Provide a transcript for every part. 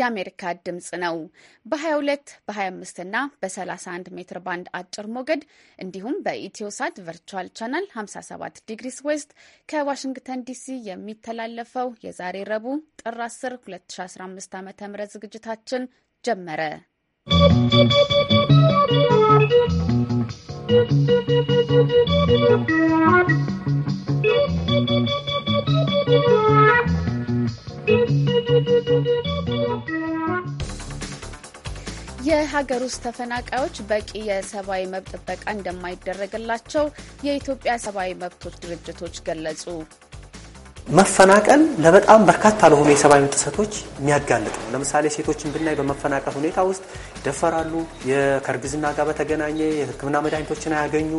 የአሜሪካ ድምፅ ነው። በ22 በ25 እና በ31 ሜትር ባንድ አጭር ሞገድ እንዲሁም በኢትዮሳት ቨርቹዋል ቻናል 57 ዲግሪስ ዌስት ከዋሽንግተን ዲሲ የሚተላለፈው የዛሬ ረቡዕ ጥር 10 2015 ም ዝግጅታችን ጀመረ። ¶¶ የሀገር ውስጥ ተፈናቃዮች በቂ የሰብአዊ መብት ጥበቃ እንደማይደረግላቸው የኢትዮጵያ ሰብአዊ መብቶች ድርጅቶች ገለጹ። መፈናቀል ለበጣም በርካታ ለሆኑ የሰብአዊ መብት ጥሰቶች የሚያጋልጥ ነው። ለምሳሌ ሴቶችን ብናይ በመፈናቀል ሁኔታ ውስጥ ይደፈራሉ። ከእርግዝና ጋር በተገናኘ የሕክምና መድኃኒቶችን አያገኙ፣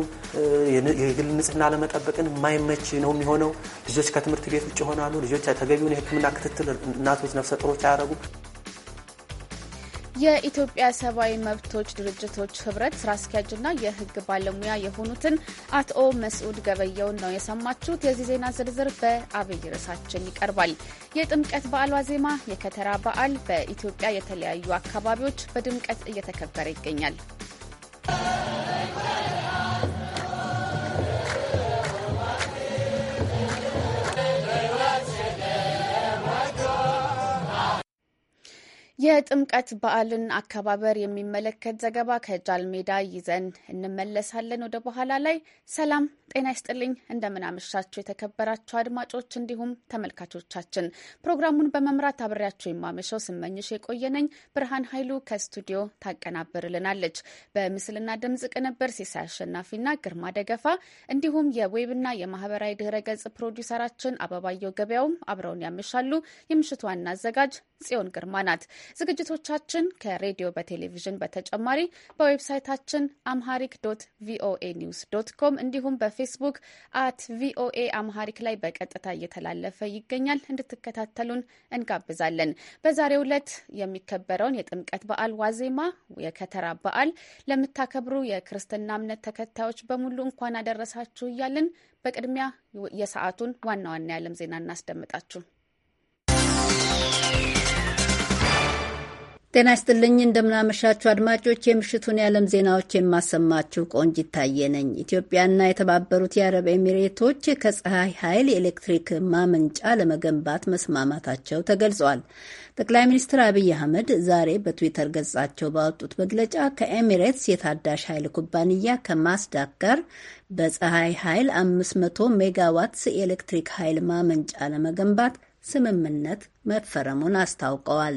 የግል ንጽህና ለመጠበቅን የማይመች ነው የሚሆነው። ልጆች ከትምህርት ቤት ውጭ ይሆናሉ። ልጆች ተገቢውን የሕክምና ክትትል እናቶች፣ ነፍሰ ጡሮች አያደረጉም። የኢትዮጵያ ሰብአዊ መብቶች ድርጅቶች ህብረት ስራ አስኪያጅና የህግ ባለሙያ የሆኑትን አቶ መስዑድ ገበየውን ነው የሰማችሁት። የዚህ ዜና ዝርዝር በአብይ ርዕሳችን ይቀርባል። የጥምቀት በዓል ዋዜማ የከተራ በዓል በኢትዮጵያ የተለያዩ አካባቢዎች በድምቀት እየተከበረ ይገኛል። የጥምቀት በዓልን አከባበር የሚመለከት ዘገባ ከጃልሜዳ ይዘን እንመለሳለን ወደ በኋላ ላይ። ሰላም ጤና ይስጥልኝ፣ እንደምናመሻችሁ የተከበራችሁ አድማጮች እንዲሁም ተመልካቾቻችን። ፕሮግራሙን በመምራት አብሬያቸው የማመሸው ስመኝሽ የቆየነኝ። ብርሃን ኃይሉ ከስቱዲዮ ታቀናብርልናለች። በምስልና ድምጽ ቅንብር ሲሳይ አሸናፊና ግርማ ደገፋ እንዲሁም የዌብና የማህበራዊ ድህረ ገጽ ፕሮዲውሰራችን አበባየው ገበያውም አብረውን ያመሻሉ። የምሽቱ ዋና አዘጋጅ ጽዮን ግርማ ናት። ዝግጅቶቻችን ከሬዲዮ በቴሌቪዥን በተጨማሪ በዌብሳይታችን አምሃሪክ ዶት ቪኦኤ ኒውስ ዶት ኮም እንዲሁም በፌስቡክ አት ቪኦኤ አምሃሪክ ላይ በቀጥታ እየተላለፈ ይገኛል። እንድትከታተሉን እንጋብዛለን። በዛሬው ዕለት የሚከበረውን የጥምቀት በዓል ዋዜማ የከተራ በዓል ለምታከብሩ የክርስትና እምነት ተከታዮች በሙሉ እንኳን አደረሳችሁ እያልን በቅድሚያ የሰዓቱን ዋና ዋና የዓለም ዜና እናስደምጣችሁ። ጤና ይስጥልኝ እንደምናመሻችሁ አድማጮች፣ የምሽቱን የዓለም ዜናዎች የማሰማችሁ ቆንጅ ይታየ ነኝ። ኢትዮጵያና የተባበሩት የአረብ ኤሚሬቶች ከፀሐይ ኃይል የኤሌክትሪክ ማመንጫ ለመገንባት መስማማታቸው ተገልጿል። ጠቅላይ ሚኒስትር አብይ አህመድ ዛሬ በትዊተር ገጻቸው ባወጡት መግለጫ ከኤሚሬትስ የታዳሽ ኃይል ኩባንያ ከማስዳክ ጋር በፀሐይ ኃይል 500 ሜጋዋትስ የኤሌክትሪክ ኃይል ማመንጫ ለመገንባት ስምምነት መፈረሙን አስታውቀዋል።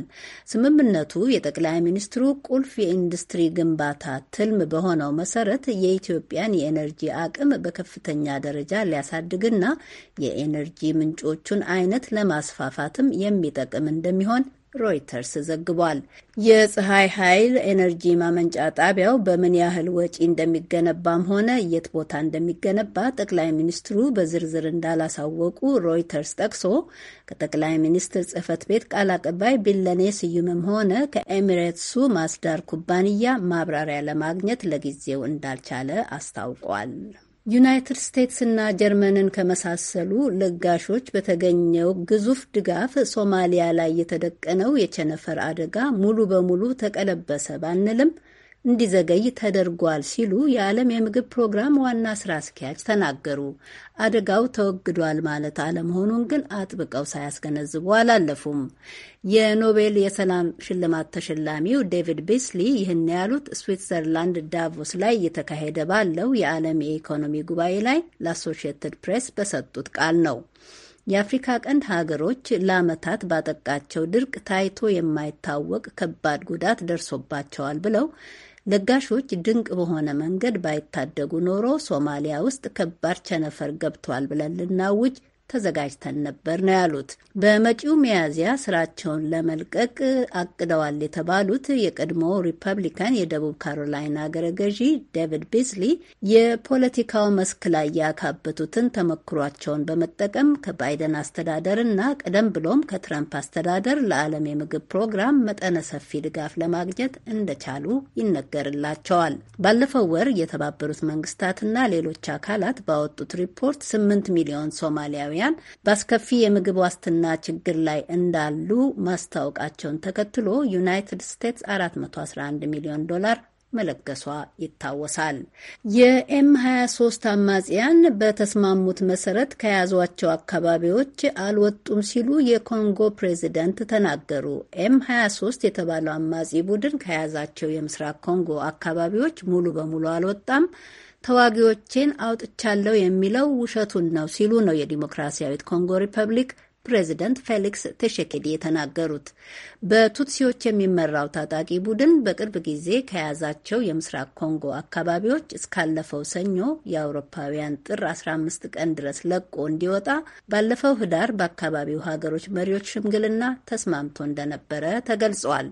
ስምምነቱ የጠቅላይ ሚኒስትሩ ቁልፍ የኢንዱስትሪ ግንባታ ትልም በሆነው መሰረት የኢትዮጵያን የኤነርጂ አቅም በከፍተኛ ደረጃ ሊያሳድግና የኤነርጂ ምንጮቹን አይነት ለማስፋፋትም የሚጠቅም እንደሚሆን ሮይተርስ ዘግቧል። የፀሐይ ኃይል ኤነርጂ ማመንጫ ጣቢያው በምን ያህል ወጪ እንደሚገነባም ሆነ የት ቦታ እንደሚገነባ ጠቅላይ ሚኒስትሩ በዝርዝር እንዳላሳወቁ ሮይተርስ ጠቅሶ ከጠቅላይ ሚኒስትር ጽህፈት ቤት ቃል አቀባይ ቢለኔ ስዩምም ሆነ ከኤሚሬትሱ ማስዳር ኩባንያ ማብራሪያ ለማግኘት ለጊዜው እንዳልቻለ አስታውቋል። ዩናይትድ ስቴትስና ጀርመንን ከመሳሰሉ ለጋሾች በተገኘው ግዙፍ ድጋፍ ሶማሊያ ላይ የተደቀነው የቸነፈር አደጋ ሙሉ በሙሉ ተቀለበሰ ባንልም እንዲዘገይ ተደርጓል ሲሉ የዓለም የምግብ ፕሮግራም ዋና ስራ አስኪያጅ ተናገሩ። አደጋው ተወግዷል ማለት አለመሆኑን ግን አጥብቀው ሳያስገነዝቡ አላለፉም። የኖቤል የሰላም ሽልማት ተሸላሚው ዴቪድ ቢስሊ ይህን ያሉት ስዊትዘርላንድ ዳቮስ ላይ እየተካሄደ ባለው የዓለም የኢኮኖሚ ጉባኤ ላይ ለአሶሽትድ ፕሬስ በሰጡት ቃል ነው። የአፍሪካ ቀንድ ሀገሮች ለዓመታት ባጠቃቸው ድርቅ ታይቶ የማይታወቅ ከባድ ጉዳት ደርሶባቸዋል ብለው ለጋሾች ድንቅ በሆነ መንገድ ባይታደጉ ኖሮ ሶማሊያ ውስጥ ከባድ ቸነፈር ገብቷል ብለን ልናውጅ ተዘጋጅተን ነበር ነው ያሉት። በመጪው ሚያዝያ ስራቸውን ለመልቀቅ አቅደዋል የተባሉት የቀድሞ ሪፐብሊካን የደቡብ ካሮላይና አገረ ገዢ ዴቪድ ቢስሊ የፖለቲካው መስክ ላይ ያካበቱትን ተመክሯቸውን በመጠቀም ከባይደን አስተዳደር እና ቀደም ብሎም ከትራምፕ አስተዳደር ለዓለም የምግብ ፕሮግራም መጠነ ሰፊ ድጋፍ ለማግኘት እንደቻሉ ይነገርላቸዋል። ባለፈው ወር የተባበሩት መንግስታትና ሌሎች አካላት ባወጡት ሪፖርት ስምንት ሚሊዮን ሶማሊያውያን ኢትዮጵያውያን በአስከፊ የምግብ ዋስትና ችግር ላይ እንዳሉ ማስታወቃቸውን ተከትሎ ዩናይትድ ስቴትስ 411 ሚሊዮን ዶላር መለገሷ ይታወሳል። የኤም 23 አማጽያን በተስማሙት መሰረት ከያዟቸው አካባቢዎች አልወጡም ሲሉ የኮንጎ ፕሬዚደንት ተናገሩ። ኤም 23 የተባለው አማጺ ቡድን ከያዛቸው የምስራቅ ኮንጎ አካባቢዎች ሙሉ በሙሉ አልወጣም ተዋጊዎቼን አውጥቻለሁ የሚለው ውሸቱን ነው ሲሉ ነው የዲሞክራሲያዊት ኮንጎ ሪፐብሊክ ፕሬዚደንት ፌሊክስ ቴሸኬዲ የተናገሩት። በቱትሲዎች የሚመራው ታጣቂ ቡድን በቅርብ ጊዜ ከያዛቸው የምስራቅ ኮንጎ አካባቢዎች እስካለፈው ሰኞ የአውሮፓውያን ጥር 15 ቀን ድረስ ለቆ እንዲወጣ ባለፈው ህዳር በአካባቢው ሀገሮች መሪዎች ሽምግልና ተስማምቶ እንደነበረ ተገልጿል።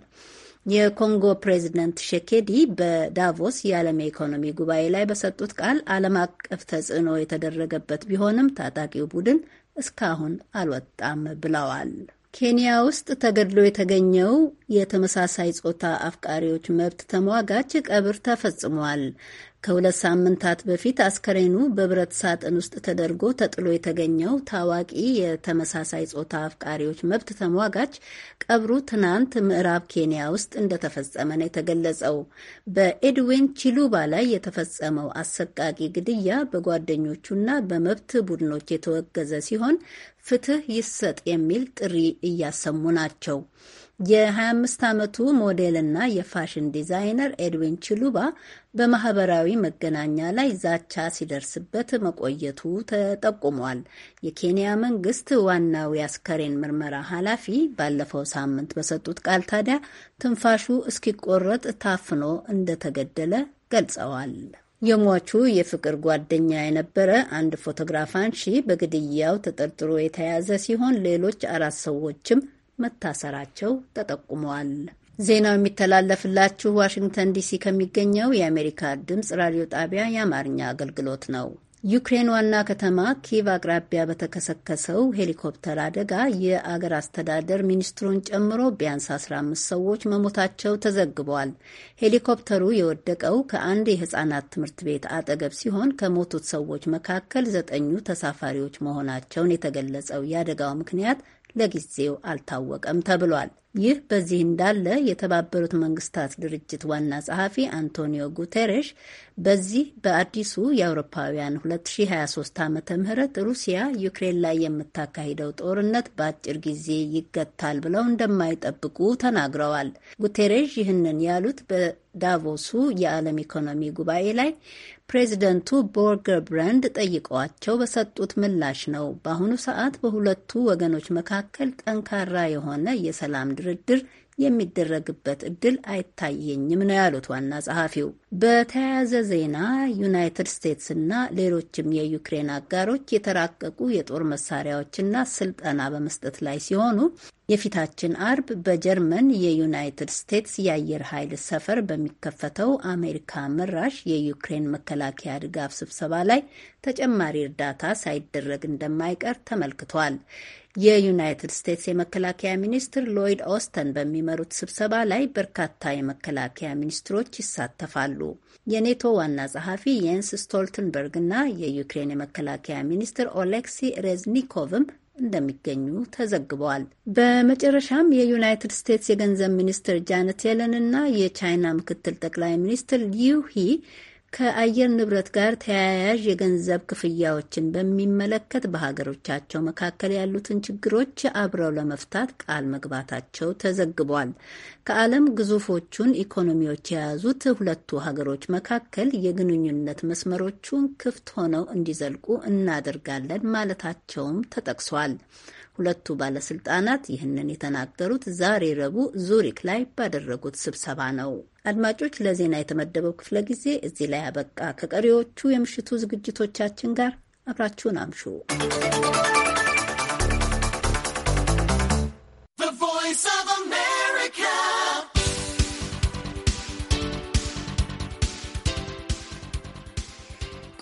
የኮንጎ ፕሬዚደንት ሼኬዲ በዳቮስ የዓለም የኢኮኖሚ ጉባኤ ላይ በሰጡት ቃል ዓለም አቀፍ ተጽዕኖ የተደረገበት ቢሆንም ታጣቂው ቡድን እስካሁን አልወጣም ብለዋል። ኬንያ ውስጥ ተገድሎ የተገኘው የተመሳሳይ ጾታ አፍቃሪዎች መብት ተሟጋች ቀብር ተፈጽሟል። ከሁለት ሳምንታት በፊት አስከሬኑ በብረት ሳጥን ውስጥ ተደርጎ ተጥሎ የተገኘው ታዋቂ የተመሳሳይ ጾታ አፍቃሪዎች መብት ተሟጋች ቀብሩ ትናንት ምዕራብ ኬንያ ውስጥ እንደተፈጸመ ነው የተገለጸው። በኤድዌን ቺሉባ ላይ የተፈጸመው አሰቃቂ ግድያ በጓደኞቹና በመብት ቡድኖች የተወገዘ ሲሆን ፍትህ ይሰጥ የሚል ጥሪ እያሰሙ ናቸው። የ25 ዓመቱ ሞዴልና የፋሽን ዲዛይነር ኤድዊን ችሉባ በማህበራዊ መገናኛ ላይ ዛቻ ሲደርስበት መቆየቱ ተጠቁሟል። የኬንያ መንግስት ዋናው የአስከሬን ምርመራ ኃላፊ ባለፈው ሳምንት በሰጡት ቃል ታዲያ ትንፋሹ እስኪቆረጥ ታፍኖ እንደተገደለ ገልጸዋል። የሟቹ የፍቅር ጓደኛ የነበረ አንድ ፎቶግራፍ አንሺ በግድያው ተጠርጥሮ የተያዘ ሲሆን ሌሎች አራት ሰዎችም መታሰራቸው ተጠቁመዋል። ዜናው የሚተላለፍላችሁ ዋሽንግተን ዲሲ ከሚገኘው የአሜሪካ ድምፅ ራዲዮ ጣቢያ የአማርኛ አገልግሎት ነው። ዩክሬን ዋና ከተማ ኪቭ አቅራቢያ በተከሰከሰው ሄሊኮፕተር አደጋ የአገር አስተዳደር ሚኒስትሩን ጨምሮ ቢያንስ 15 ሰዎች መሞታቸው ተዘግበዋል። ሄሊኮፕተሩ የወደቀው ከአንድ የህፃናት ትምህርት ቤት አጠገብ ሲሆን ከሞቱት ሰዎች መካከል ዘጠኙ ተሳፋሪዎች መሆናቸውን የተገለጸው የአደጋው ምክንያት ለጊዜው አልታወቀም ተብሏል። ይህ በዚህ እንዳለ የተባበሩት መንግስታት ድርጅት ዋና ጸሐፊ አንቶኒዮ ጉቴሬሽ በዚህ በአዲሱ የአውሮፓውያን 2023 ዓመተ ምህረት ሩሲያ ዩክሬን ላይ የምታካሂደው ጦርነት በአጭር ጊዜ ይገታል ብለው እንደማይጠብቁ ተናግረዋል። ጉቴሬሽ ይህንን ያሉት በዳቮሱ የዓለም ኢኮኖሚ ጉባኤ ላይ ፕሬዚደንቱ ቦርገር ብረንድ ጠይቀዋቸው በሰጡት ምላሽ ነው። በአሁኑ ሰዓት በሁለቱ ወገኖች መካከል ጠንካራ የሆነ የሰላም ድርድር የሚደረግበት እድል አይታየኝም ነው ያሉት ዋና ጸሐፊው። በተያያዘ ዜና ዩናይትድ ስቴትስና ሌሎችም የዩክሬን አጋሮች የተራቀቁ የጦር መሳሪያዎችና ስልጠና በመስጠት ላይ ሲሆኑ የፊታችን አርብ በጀርመን የዩናይትድ ስቴትስ የአየር ኃይል ሰፈር በሚከፈተው አሜሪካ መራሽ የዩክሬን መከላከያ ድጋፍ ስብሰባ ላይ ተጨማሪ እርዳታ ሳይደረግ እንደማይቀር ተመልክቷል። የዩናይትድ ስቴትስ የመከላከያ ሚኒስትር ሎይድ ኦስተን በሚመሩት ስብሰባ ላይ በርካታ የመከላከያ ሚኒስትሮች ይሳተፋሉ። የኔቶ ዋና ጸሐፊ የንስ ስቶልትንበርግ እና የዩክሬን የመከላከያ ሚኒስትር ኦሌክሲ ሬዝኒኮቭም እንደሚገኙ ተዘግበዋል። በመጨረሻም የዩናይትድ ስቴትስ የገንዘብ ሚኒስትር ጃነት የለን እና የቻይና ምክትል ጠቅላይ ሚኒስትር ሊዩ ሂ ከአየር ንብረት ጋር ተያያዥ የገንዘብ ክፍያዎችን በሚመለከት በሀገሮቻቸው መካከል ያሉትን ችግሮች አብረው ለመፍታት ቃል መግባታቸው ተዘግቧል። ከዓለም ግዙፎቹን ኢኮኖሚዎች የያዙት ሁለቱ ሀገሮች መካከል የግንኙነት መስመሮቹን ክፍት ሆነው እንዲዘልቁ እናደርጋለን ማለታቸውም ተጠቅሷል። ሁለቱ ባለስልጣናት ይህንን የተናገሩት ዛሬ ረቡዕ ዙሪክ ላይ ባደረጉት ስብሰባ ነው። አድማጮች፣ ለዜና የተመደበው ክፍለ ጊዜ እዚህ ላይ አበቃ። ከቀሪዎቹ የምሽቱ ዝግጅቶቻችን ጋር አብራችሁን አምሹ።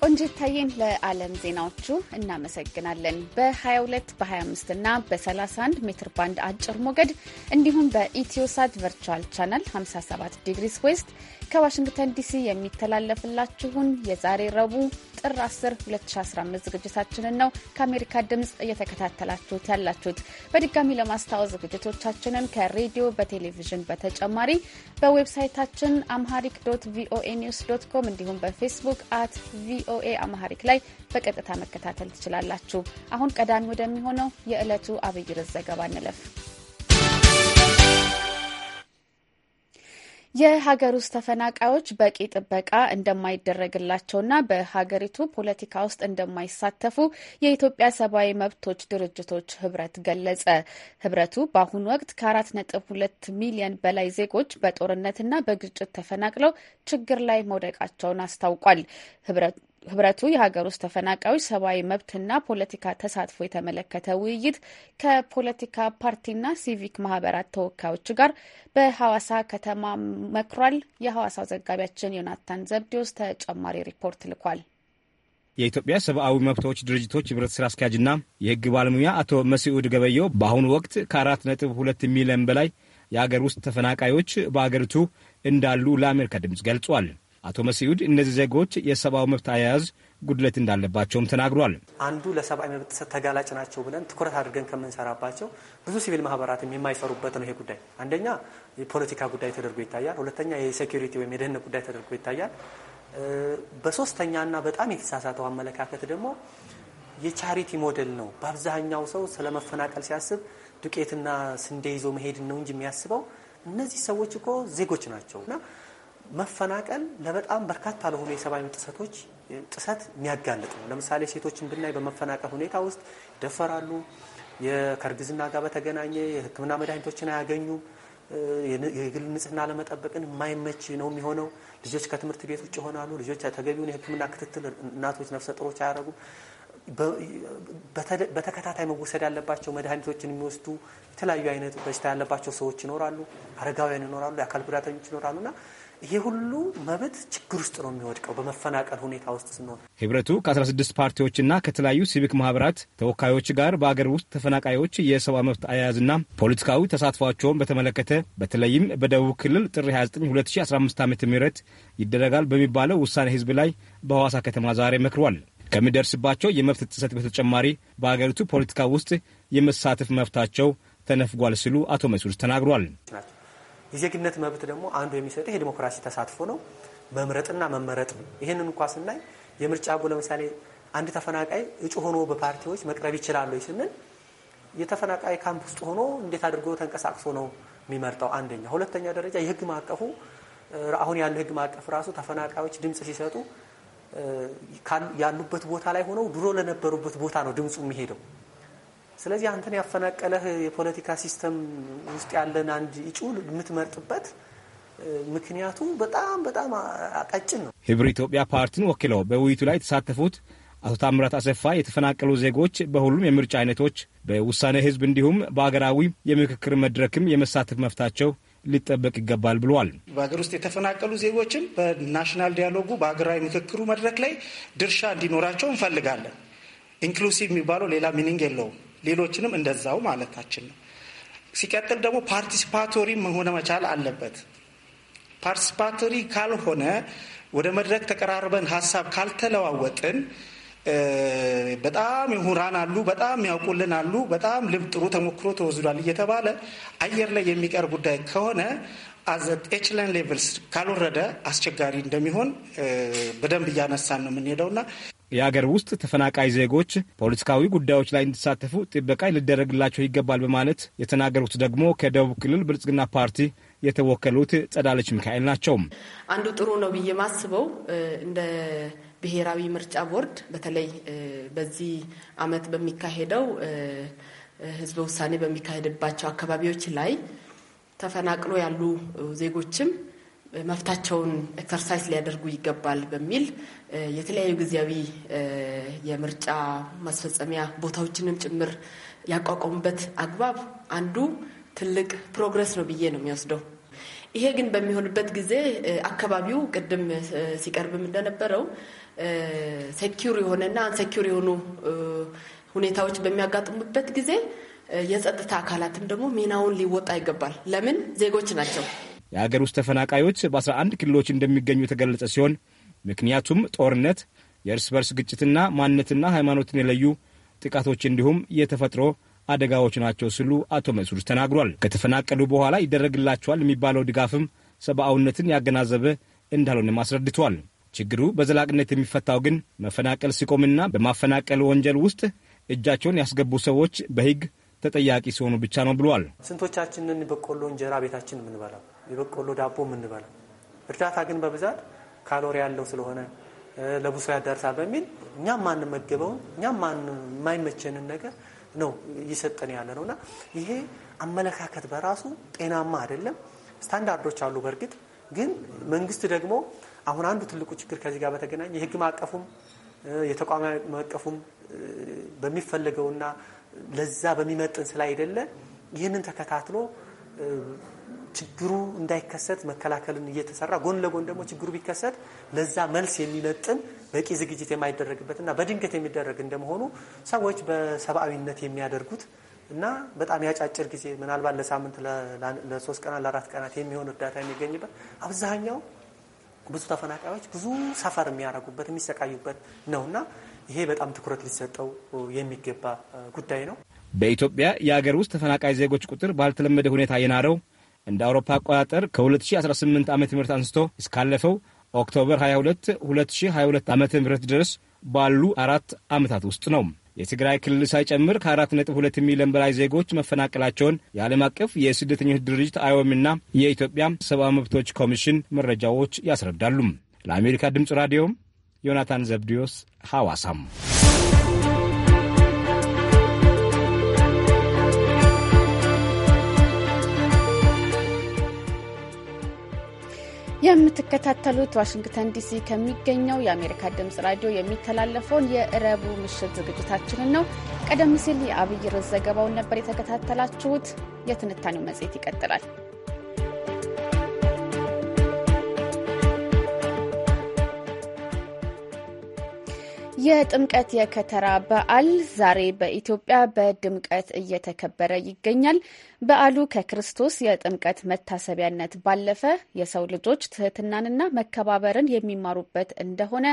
ቆንጅት ታዬን ለዓለም ዜናዎቹ እናመሰግናለን። በ22 በ25 እና በ31 ሜትር ባንድ አጭር ሞገድ እንዲሁም በኢትዮሳት ቨርቹዋል ቻናል 57 ዲግሪስ ዌስት ከዋሽንግተን ዲሲ የሚተላለፍላችሁን የዛሬ ረቡዕ ጥር 10 2015 ዝግጅታችንን ነው ከአሜሪካ ድምፅ እየተከታተላችሁት ያላችሁት። በድጋሚ ለማስታወስ ዝግጅቶቻችንን ከሬዲዮ በቴሌቪዥን በተጨማሪ በዌብሳይታችን አምሃሪክ ዶት ቪኦኤ ኒውስ ዶት ኮም እንዲሁም በፌስቡክ አት ቪኦኤ አምሃሪክ ላይ በቀጥታ መከታተል ትችላላችሁ። አሁን ቀዳሚ ወደሚሆነው የዕለቱ አብይ ርዕስ ዘገባ እንለፍ። የሀገር ውስጥ ተፈናቃዮች በቂ ጥበቃ እንደማይደረግላቸውና በሀገሪቱ ፖለቲካ ውስጥ እንደማይሳተፉ የኢትዮጵያ ሰብአዊ መብቶች ድርጅቶች ህብረት ገለጸ። ህብረቱ በአሁኑ ወቅት ከአራት ነጥብ ሁለት ሚሊዮን በላይ ዜጎች በጦርነትና በግጭት ተፈናቅለው ችግር ላይ መውደቃቸውን አስታውቋል። ህብረቱ የሀገር ውስጥ ተፈናቃዮች ሰብአዊ መብትና ፖለቲካ ተሳትፎ የተመለከተ ውይይት ከፖለቲካ ፓርቲና ሲቪክ ማህበራት ተወካዮች ጋር በሐዋሳ ከተማ መክሯል። የሐዋሳው ዘጋቢያችን ዮናታን ዘብዴዎስ ተጨማሪ ሪፖርት ልኳል። የኢትዮጵያ ሰብአዊ መብቶች ድርጅቶች ህብረት ስራ አስኪያጅና የህግ ባለሙያ አቶ መስዑድ ገበየው በአሁኑ ወቅት ከአራት ነጥብ ሁለት ሚሊዮን በላይ የአገር ውስጥ ተፈናቃዮች በአገሪቱ እንዳሉ ለአሜሪካ ድምፅ ገልጿል። አቶ መስዩድ እነዚህ ዜጎች የሰብአዊ መብት አያያዝ ጉድለት እንዳለባቸውም ተናግሯል። አንዱ ለሰብአዊ መብት ጥሰት ተጋላጭ ናቸው ብለን ትኩረት አድርገን ከምንሰራባቸው ብዙ ሲቪል ማህበራትም የማይሰሩበት ነው ይሄ ጉዳይ። አንደኛ የፖለቲካ ጉዳይ ተደርጎ ይታያል። ሁለተኛ የሴኩሪቲ ወይም የደህንነት ጉዳይ ተደርጎ ይታያል። በሶስተኛና በጣም የተሳሳተው አመለካከት ደግሞ የቻሪቲ ሞዴል ነው። በአብዛኛው ሰው ስለ መፈናቀል ሲያስብ ዱቄትና ስንዴ ይዞ መሄድ ነው እንጂ የሚያስበው እነዚህ ሰዎች እኮ ዜጎች ናቸው እና መፈናቀል ለበጣም በርካታ ለሆኑ የሰብአዊ ጥሰቶች ጥሰት የሚያጋልጥ ነው። ለምሳሌ ሴቶችን ብናይ በመፈናቀል ሁኔታ ውስጥ ይደፈራሉ። ከእርግዝና ጋር በተገናኘ የሕክምና መድኃኒቶችን አያገኙም። የግል ንጽህና ለመጠበቅን የማይመች ነው የሚሆነው። ልጆች ከትምህርት ቤት ውጭ ይሆናሉ። ልጆች ተገቢውን የሕክምና ክትትል እናቶች ነፍሰ ጡሮች አያደርጉም። በተከታታይ መወሰድ ያለባቸው መድኃኒቶችን የሚወስዱ የተለያዩ አይነት በሽታ ያለባቸው ሰዎች ይኖራሉ። አረጋውያን ይኖራሉ። የአካል ጉዳተኞች ይኖራሉና ይሄ ሁሉ መብት ችግር ውስጥ ነው የሚወድቀው በመፈናቀል ሁኔታ ውስጥ ስንሆን። ህብረቱ ከ16 ፓርቲዎችና ከተለያዩ ሲቪክ ማህበራት ተወካዮች ጋር በአገር ውስጥ ተፈናቃዮች የሰብአዊ መብት አያያዝና ፖለቲካዊ ተሳትፏቸውን በተመለከተ በተለይም በደቡብ ክልል ጥሪ 29 2015 ዓ ም ይደረጋል በሚባለው ውሳኔ ህዝብ ላይ በሐዋሳ ከተማ ዛሬ መክሯል። ከሚደርስባቸው የመብት ጥሰት በተጨማሪ በአገሪቱ ፖለቲካ ውስጥ የመሳተፍ መብታቸው ተነፍጓል ሲሉ አቶ መሱድ ተናግሯል። የዜግነት መብት ደግሞ አንዱ የሚሰጥ የዲሞክራሲ ተሳትፎ ነው፣ መምረጥና መመረጥ ነው። ይህንን እንኳ ስናይ የምርጫ ህጉ ለምሳሌ አንድ ተፈናቃይ እጩ ሆኖ በፓርቲዎች መቅረብ ይችላሉ ስንል የተፈናቃይ ካምፕ ውስጥ ሆኖ እንዴት አድርጎ ተንቀሳቅሶ ነው የሚመርጠው? አንደኛ። ሁለተኛ ደረጃ የህግ ማቀፉ አሁን ያለው ህግ ማቀፍ ራሱ ተፈናቃዮች ድምፅ ሲሰጡ ያሉበት ቦታ ላይ ሆነው ድሮ ለነበሩበት ቦታ ነው ድምፁ የሚሄደው። ስለዚህ አንተን ያፈናቀለህ የፖለቲካ ሲስተም ውስጥ ያለን አንድ እጩ የምትመርጥበት ምክንያቱ በጣም በጣም አቀጭን ነው። ህብር ኢትዮጵያ ፓርቲን ወክለው በውይይቱ ላይ የተሳተፉት አቶ ታምራት አሰፋ የተፈናቀሉ ዜጎች በሁሉም የምርጫ አይነቶች በውሳኔ ህዝብ እንዲሁም በአገራዊ የምክክር መድረክም የመሳተፍ መፍታቸው ሊጠበቅ ይገባል ብለዋል። በሀገር ውስጥ የተፈናቀሉ ዜጎችም በናሽናል ዲያሎጉ በሀገራዊ ምክክሩ መድረክ ላይ ድርሻ እንዲኖራቸው እንፈልጋለን። ኢንክሉሲቭ የሚባለው ሌላ ሚኒንግ የለውም። ሌሎችንም እንደዛው ማለታችን ነው። ሲቀጥል ደግሞ ፓርቲሲፓቶሪ መሆን መቻል አለበት። ፓርቲሲፓቶሪ ካልሆነ ወደ መድረክ ተቀራርበን ሀሳብ ካልተለዋወጥን በጣም ምሁራን አሉ፣ በጣም ያውቁልን አሉ፣ በጣም ልብ ጥሩ ተሞክሮ ተወስዷል እየተባለ አየር ላይ የሚቀር ጉዳይ ከሆነ ኤችለን ሌቭልስ ካልወረደ አስቸጋሪ እንደሚሆን በደንብ እያነሳን ነው የምንሄደውና የአገር ውስጥ ተፈናቃይ ዜጎች ፖለቲካዊ ጉዳዮች ላይ እንዲሳተፉ ጥበቃ ሊደረግላቸው ይገባል በማለት የተናገሩት ደግሞ ከደቡብ ክልል ብልጽግና ፓርቲ የተወከሉት ጸዳለች ሚካኤል ናቸው። አንዱ ጥሩ ነው ብዬ ማስበው እንደ ብሔራዊ ምርጫ ቦርድ በተለይ በዚህ ዓመት በሚካሄደው ህዝበ ውሳኔ በሚካሄድባቸው አካባቢዎች ላይ ተፈናቅሎ ያሉ ዜጎችም መብታቸውን ኤክሰርሳይዝ ሊያደርጉ ይገባል በሚል የተለያዩ ጊዜያዊ የምርጫ ማስፈጸሚያ ቦታዎችንም ጭምር ያቋቋሙበት አግባብ አንዱ ትልቅ ፕሮግረስ ነው ብዬ ነው የሚወስደው። ይሄ ግን በሚሆንበት ጊዜ አካባቢው ቅድም ሲቀርብም እንደነበረው ሴኪር የሆነና አንሴኪር የሆኑ ሁኔታዎች በሚያጋጥሙበት ጊዜ የጸጥታ አካላትም ደግሞ ሚናውን ሊወጣ ይገባል። ለምን ዜጎች ናቸው። የአገር ውስጥ ተፈናቃዮች በ11 ክልሎች እንደሚገኙ የተገለጸ ሲሆን ምክንያቱም ጦርነት፣ የእርስ በርስ ግጭትና ማንነትና ሃይማኖትን የለዩ ጥቃቶች እንዲሁም የተፈጥሮ አደጋዎች ናቸው ሲሉ አቶ መንሱር ተናግሯል። ከተፈናቀሉ በኋላ ይደረግላቸዋል የሚባለው ድጋፍም ሰብአውነትን ያገናዘበ እንዳልሆነም አስረድቷል። ችግሩ በዘላቅነት የሚፈታው ግን መፈናቀል ሲቆምና በማፈናቀል ወንጀል ውስጥ እጃቸውን ያስገቡ ሰዎች በሕግ ተጠያቂ ሲሆኑ ብቻ ነው ብሏል። ስንቶቻችንን በቆሎ እንጀራ ቤታችን የምንበላው የበቆሎ ዳቦ የምንበላው። እርዳታ ግን በብዛት ካሎሪ ያለው ስለሆነ ለብሶ ያደርሳል በሚል እኛም ማንመገበውን እኛም የማይመቸንን ነገር ነው እየሰጠን ያለ ነው እና ይሄ አመለካከት በራሱ ጤናማ አይደለም። ስታንዳርዶች አሉ በእርግጥ ግን መንግስት ደግሞ አሁን አንዱ ትልቁ ችግር ከዚህ ጋር በተገናኘ የህግ ማዕቀፉም የተቋም ማዕቀፉም በሚፈለገውና ለዛ በሚመጥን ስላይደለ ይህንን ተከታትሎ ችግሩ እንዳይከሰት መከላከልን እየተሰራ ጎን ለጎን ደግሞ ችግሩ ቢከሰት ለዛ መልስ የሚመጥን በቂ ዝግጅት የማይደረግበትና በድንገት የሚደረግ እንደመሆኑ ሰዎች በሰብአዊነት የሚያደርጉት እና በጣም ያጫጭር ጊዜ ምናልባት ለሳምንት ለሶስት ቀናት ለአራት ቀናት የሚሆን እርዳታ የሚገኝበት አብዛኛው ብዙ ተፈናቃዮች ብዙ ሰፈር የሚያደርጉበት የሚሰቃዩበት እና ይሄ በጣም ትኩረት ሊሰጠው የሚገባ ጉዳይ ነው። በኢትዮጵያ የአገር ውስጥ ተፈናቃይ ዜጎች ቁጥር ባልተለመደ ሁኔታ የናረው እንደ አውሮፓ አቆጣጠር ከ2018 ዓ ም አንስቶ እስካለፈው ኦክቶበር 22 2022 ዓ ም ድረስ ባሉ አራት ዓመታት ውስጥ ነው። የትግራይ ክልል ሳይጨምር ከ4.2 ሚሊዮን በላይ ዜጎች መፈናቀላቸውን የዓለም አቀፍ የስደተኞች ድርጅት ና የኢትዮጵያ ሰብአዊ መብቶች ኮሚሽን መረጃዎች ያስረዳሉ። ለአሜሪካ ድምፅ ራዲዮ ዮናታን ዘብዲዮስ ሐዋሳም የምትከታተሉት ዋሽንግተን ዲሲ ከሚገኘው የአሜሪካ ድምፅ ራዲዮ የሚተላለፈውን የእረቡ ምሽት ዝግጅታችንን ነው። ቀደም ሲል የአብይ ርዕስ ዘገባውን ነበር የተከታተላችሁት። የትንታኔው መጽሔት ይቀጥላል። የጥምቀት የከተራ በዓል ዛሬ በኢትዮጵያ በድምቀት እየተከበረ ይገኛል። በዓሉ ከክርስቶስ የጥምቀት መታሰቢያነት ባለፈ የሰው ልጆች ትህትናንና መከባበርን የሚማሩበት እንደሆነ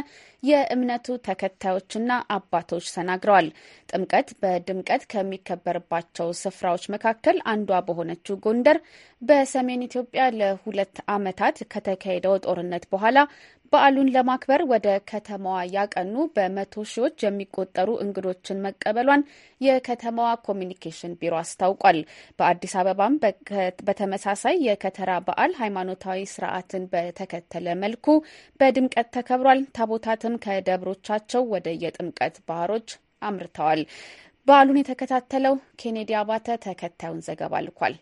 የእምነቱ ተከታዮችና አባቶች ተናግረዋል። ጥምቀት በድምቀት ከሚከበርባቸው ስፍራዎች መካከል አንዷ በሆነችው ጎንደር በሰሜን ኢትዮጵያ ለሁለት ዓመታት ከተካሄደው ጦርነት በኋላ በዓሉን ለማክበር ወደ ከተማዋ ያቀኑ በመቶ ሺዎች የሚቆጠሩ እንግዶችን መቀበሏን የከተማዋ ኮሚኒኬሽን ቢሮ አስታውቋል። በአዲስ አበባም በተመሳሳይ የከተራ በዓል ሃይማኖታዊ ስርዓትን በተከተለ መልኩ በድምቀት ተከብሯል። ታቦታትም ከደብሮቻቸው ወደ የጥምቀት ባህሮች አምርተዋል። በዓሉን የተከታተለው ኬኔዲ አባተ ተከታዩን ዘገባ ልኳል።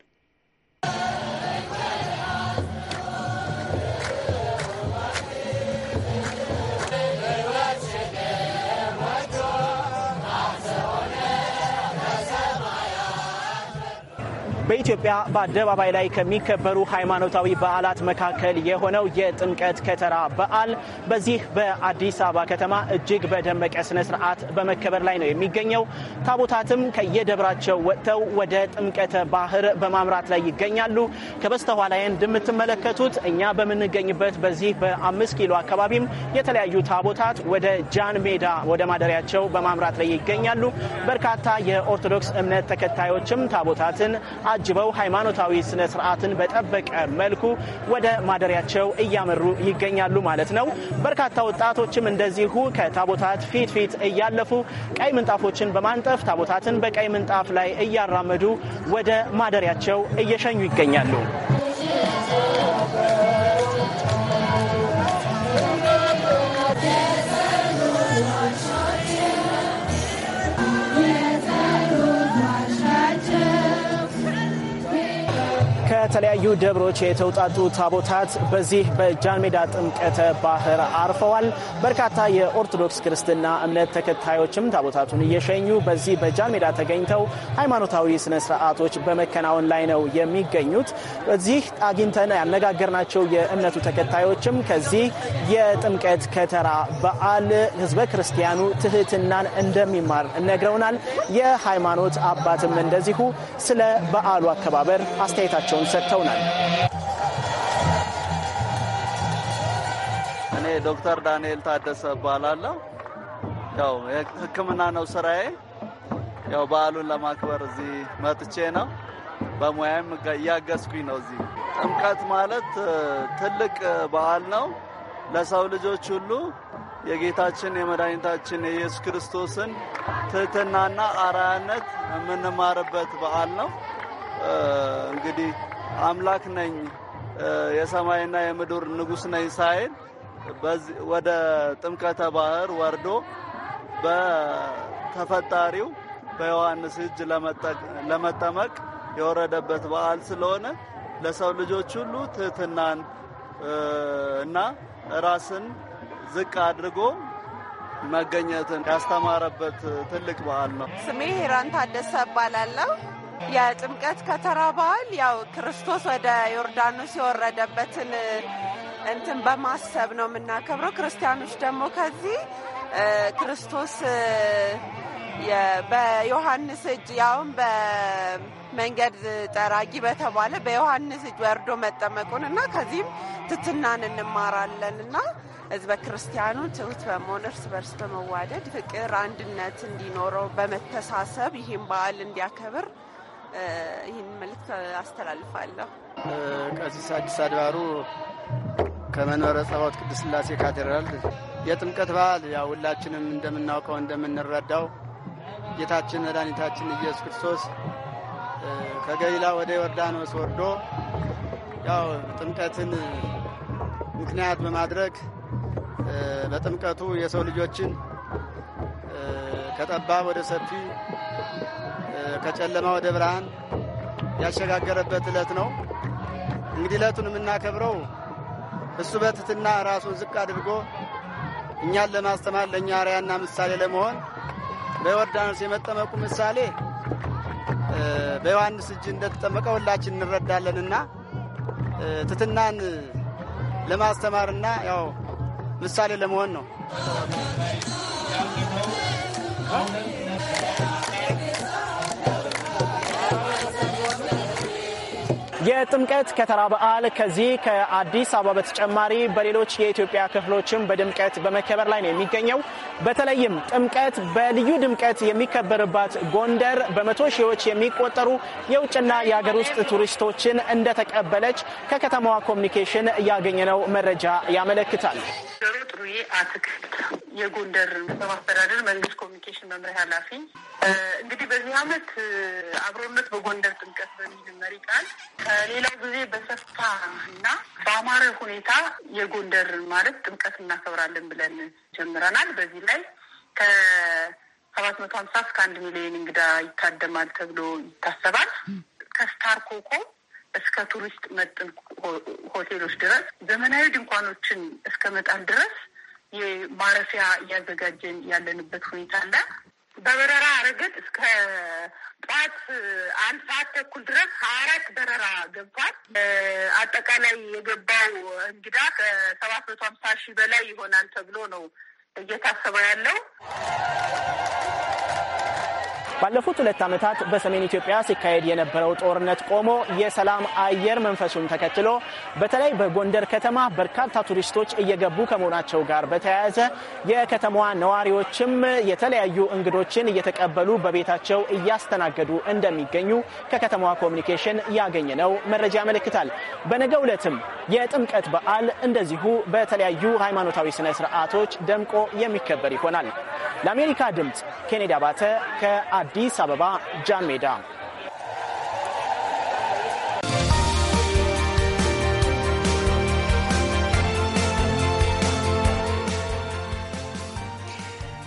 በኢትዮጵያ በአደባባይ ላይ ከሚከበሩ ሃይማኖታዊ በዓላት መካከል የሆነው የጥምቀት ከተራ በዓል በዚህ በአዲስ አበባ ከተማ እጅግ በደመቀ ስነ ስርዓት በመከበር ላይ ነው የሚገኘው። ታቦታትም ከየደብራቸው ወጥተው ወደ ጥምቀተ ባህር በማምራት ላይ ይገኛሉ። ከበስተኋላዬ እንደምትመለከቱት እኛ በምንገኝበት በዚህ በአምስት ኪሎ አካባቢም የተለያዩ ታቦታት ወደ ጃን ሜዳ ወደ ማደሪያቸው በማምራት ላይ ይገኛሉ። በርካታ የኦርቶዶክስ እምነት ተከታዮችም ታቦታትን ታጅበው ሃይማኖታዊ ስነ ስርዓትን በጠበቀ መልኩ ወደ ማደሪያቸው እያመሩ ይገኛሉ ማለት ነው። በርካታ ወጣቶችም እንደዚሁ ከታቦታት ፊት ፊት እያለፉ ቀይ ምንጣፎችን በማንጠፍ ታቦታትን በቀይ ምንጣፍ ላይ እያራመዱ ወደ ማደሪያቸው እየሸኙ ይገኛሉ። ከተለያዩ ደብሮች የተውጣጡ ታቦታት በዚህ በጃንሜዳ ጥምቀተ ባህር አርፈዋል። በርካታ የኦርቶዶክስ ክርስትና እምነት ተከታዮችም ታቦታቱን እየሸኙ በዚህ በጃንሜዳ ተገኝተው ሃይማኖታዊ ስነ ስርዓቶች በመከናወን ላይ ነው የሚገኙት። በዚህ አግኝተን ያነጋገርናቸው የእምነቱ ተከታዮችም ከዚህ የጥምቀት ከተራ በዓል ህዝበ ክርስቲያኑ ትህትናን እንደሚማር ነግረውናል። የሃይማኖት አባትም እንደዚሁ ስለ በዓሉ አከባበር አስተያየታቸውን ሰጥተውናል። እኔ ዶክተር ዳንኤል ታደሰ እባላለሁ። ያው ሕክምና ነው ስራዬ። ያው በዓሉን ለማክበር እዚህ መጥቼ ነው። በሙያም እያገዝኩኝ ነው እዚህ። ጥምቀት ማለት ትልቅ በዓል ነው ለሰው ልጆች ሁሉ የጌታችን የመድኃኒታችን የኢየሱስ ክርስቶስን ትህትናና አራያነት የምንማርበት በዓል ነው። እንግዲህ አምላክ ነኝ የሰማይና የምድር ንጉስ ነኝ ሳይል ወደ ጥምቀተ ባህር ወርዶ በተፈጣሪው በዮሐንስ እጅ ለመጠመቅ የወረደበት በዓል ስለሆነ ለሰው ልጆች ሁሉ ትህትናን እና ራስን ዝቅ አድርጎ መገኘትን ያስተማረበት ትልቅ በዓል ነው። ስሜ ሄራን ታደሰ እባላለሁ። የጥምቀት ከተራ በዓል ያው ክርስቶስ ወደ ዮርዳኖስ የወረደበትን እንትን በማሰብ ነው የምናከብረው። ክርስቲያኖች ደግሞ ከዚህ ክርስቶስ በዮሐንስ እጅ ያውም በመንገድ ጠራጊ በተባለ በዮሐንስ እጅ ወርዶ መጠመቁን እና ከዚህም ትትናን እንማራለን እና ህዝበ ክርስቲያኑ ትሁት በመሆን እርስ በርስ በመዋደድ ፍቅር፣ አንድነት እንዲኖረው በመተሳሰብ ይህም በዓል እንዲያከብር ይህን መልእክት አስተላልፋለሁ። ቀሲስ አዲስ አድባሩ ከመኖረ ጸባዖት ቅድስት ስላሴ ካቴድራል የጥምቀት በዓል ያው ሁላችንም እንደምናውቀው እንደምንረዳው ጌታችን መድኃኒታችን ኢየሱስ ክርስቶስ ከገሊላ ወደ ዮርዳኖስ ወርዶ ያው ጥምቀትን ምክንያት በማድረግ በጥምቀቱ የሰው ልጆችን ከጠባብ ወደ ሰፊ ከጨለማ ወደ ብርሃን ያሸጋገረበት ዕለት ነው። እንግዲህ ዕለቱን የምናከብረው እሱ በትትና ራሱን ዝቅ አድርጎ እኛን ለማስተማር ለእኛ አርያና ምሳሌ ለመሆን በዮርዳኖስ የመጠመቁ ምሳሌ በዮሐንስ እጅ እንደተጠመቀ ሁላችን እንረዳለንና ትትናን ለማስተማርና ያው ምሳሌ ለመሆን ነው። የጥምቀት ከተራ በዓል ከዚህ ከአዲስ አበባ በተጨማሪ በሌሎች የኢትዮጵያ ክፍሎችም በድምቀት በመከበር ላይ ነው የሚገኘው። በተለይም ጥምቀት በልዩ ድምቀት የሚከበርባት ጎንደር በመቶ ሺዎች የሚቆጠሩ የውጭና የሀገር ውስጥ ቱሪስቶችን እንደተቀበለች ከከተማዋ ኮሚኒኬሽን እያገኘነው መረጃ ያመለክታል። ጥሩዬ አትክልት የጎንደር በማስተዳደር መንግስት ኮሚኒኬሽን መምሪያ ኃላፊ እንግዲህ በዚህ አመት አብሮነት በጎንደር ጥምቀት በሚል መሪ ቃል ሌላው ጊዜ በሰፋ እና በአማረ ሁኔታ የጎንደርን ማለት ጥምቀት እናከብራለን ብለን ጀምረናል። በዚህ ላይ ከሰባት መቶ ሀምሳ እስከ አንድ ሚሊዮን እንግዳ ይታደማል ተብሎ ይታሰባል። ከስታር ኮኮ እስከ ቱሪስት መጥን ሆቴሎች ድረስ ዘመናዊ ድንኳኖችን እስከ መጣል ድረስ የማረፊያ እያዘጋጀን ያለንበት ሁኔታ አለ። በበረራ ረገድ እስከ ጠዋት አንድ ሰዓት ተኩል ድረስ ሀያ አራት በረራ ገብቷል። አጠቃላይ የገባው እንግዳ ከሰባት መቶ ሀምሳ ሺህ በላይ ይሆናል ተብሎ ነው እየታሰበ ያለው። ባለፉት ሁለት ዓመታት በሰሜን ኢትዮጵያ ሲካሄድ የነበረው ጦርነት ቆሞ የሰላም አየር መንፈሱን ተከትሎ በተለይ በጎንደር ከተማ በርካታ ቱሪስቶች እየገቡ ከመሆናቸው ጋር በተያያዘ የከተማዋ ነዋሪዎችም የተለያዩ እንግዶችን እየተቀበሉ በቤታቸው እያስተናገዱ እንደሚገኙ ከከተማዋ ኮሚኒኬሽን ያገኘነው መረጃ ያመለክታል። በነገ ዕለትም የጥምቀት በዓል እንደዚሁ በተለያዩ ሃይማኖታዊ ስነ ስርዓቶች ደምቆ የሚከበር ይሆናል። ለአሜሪካ ድምፅ ኬኔዲ አባተ ከአ አዲስ አበባ ጃን ሜዳ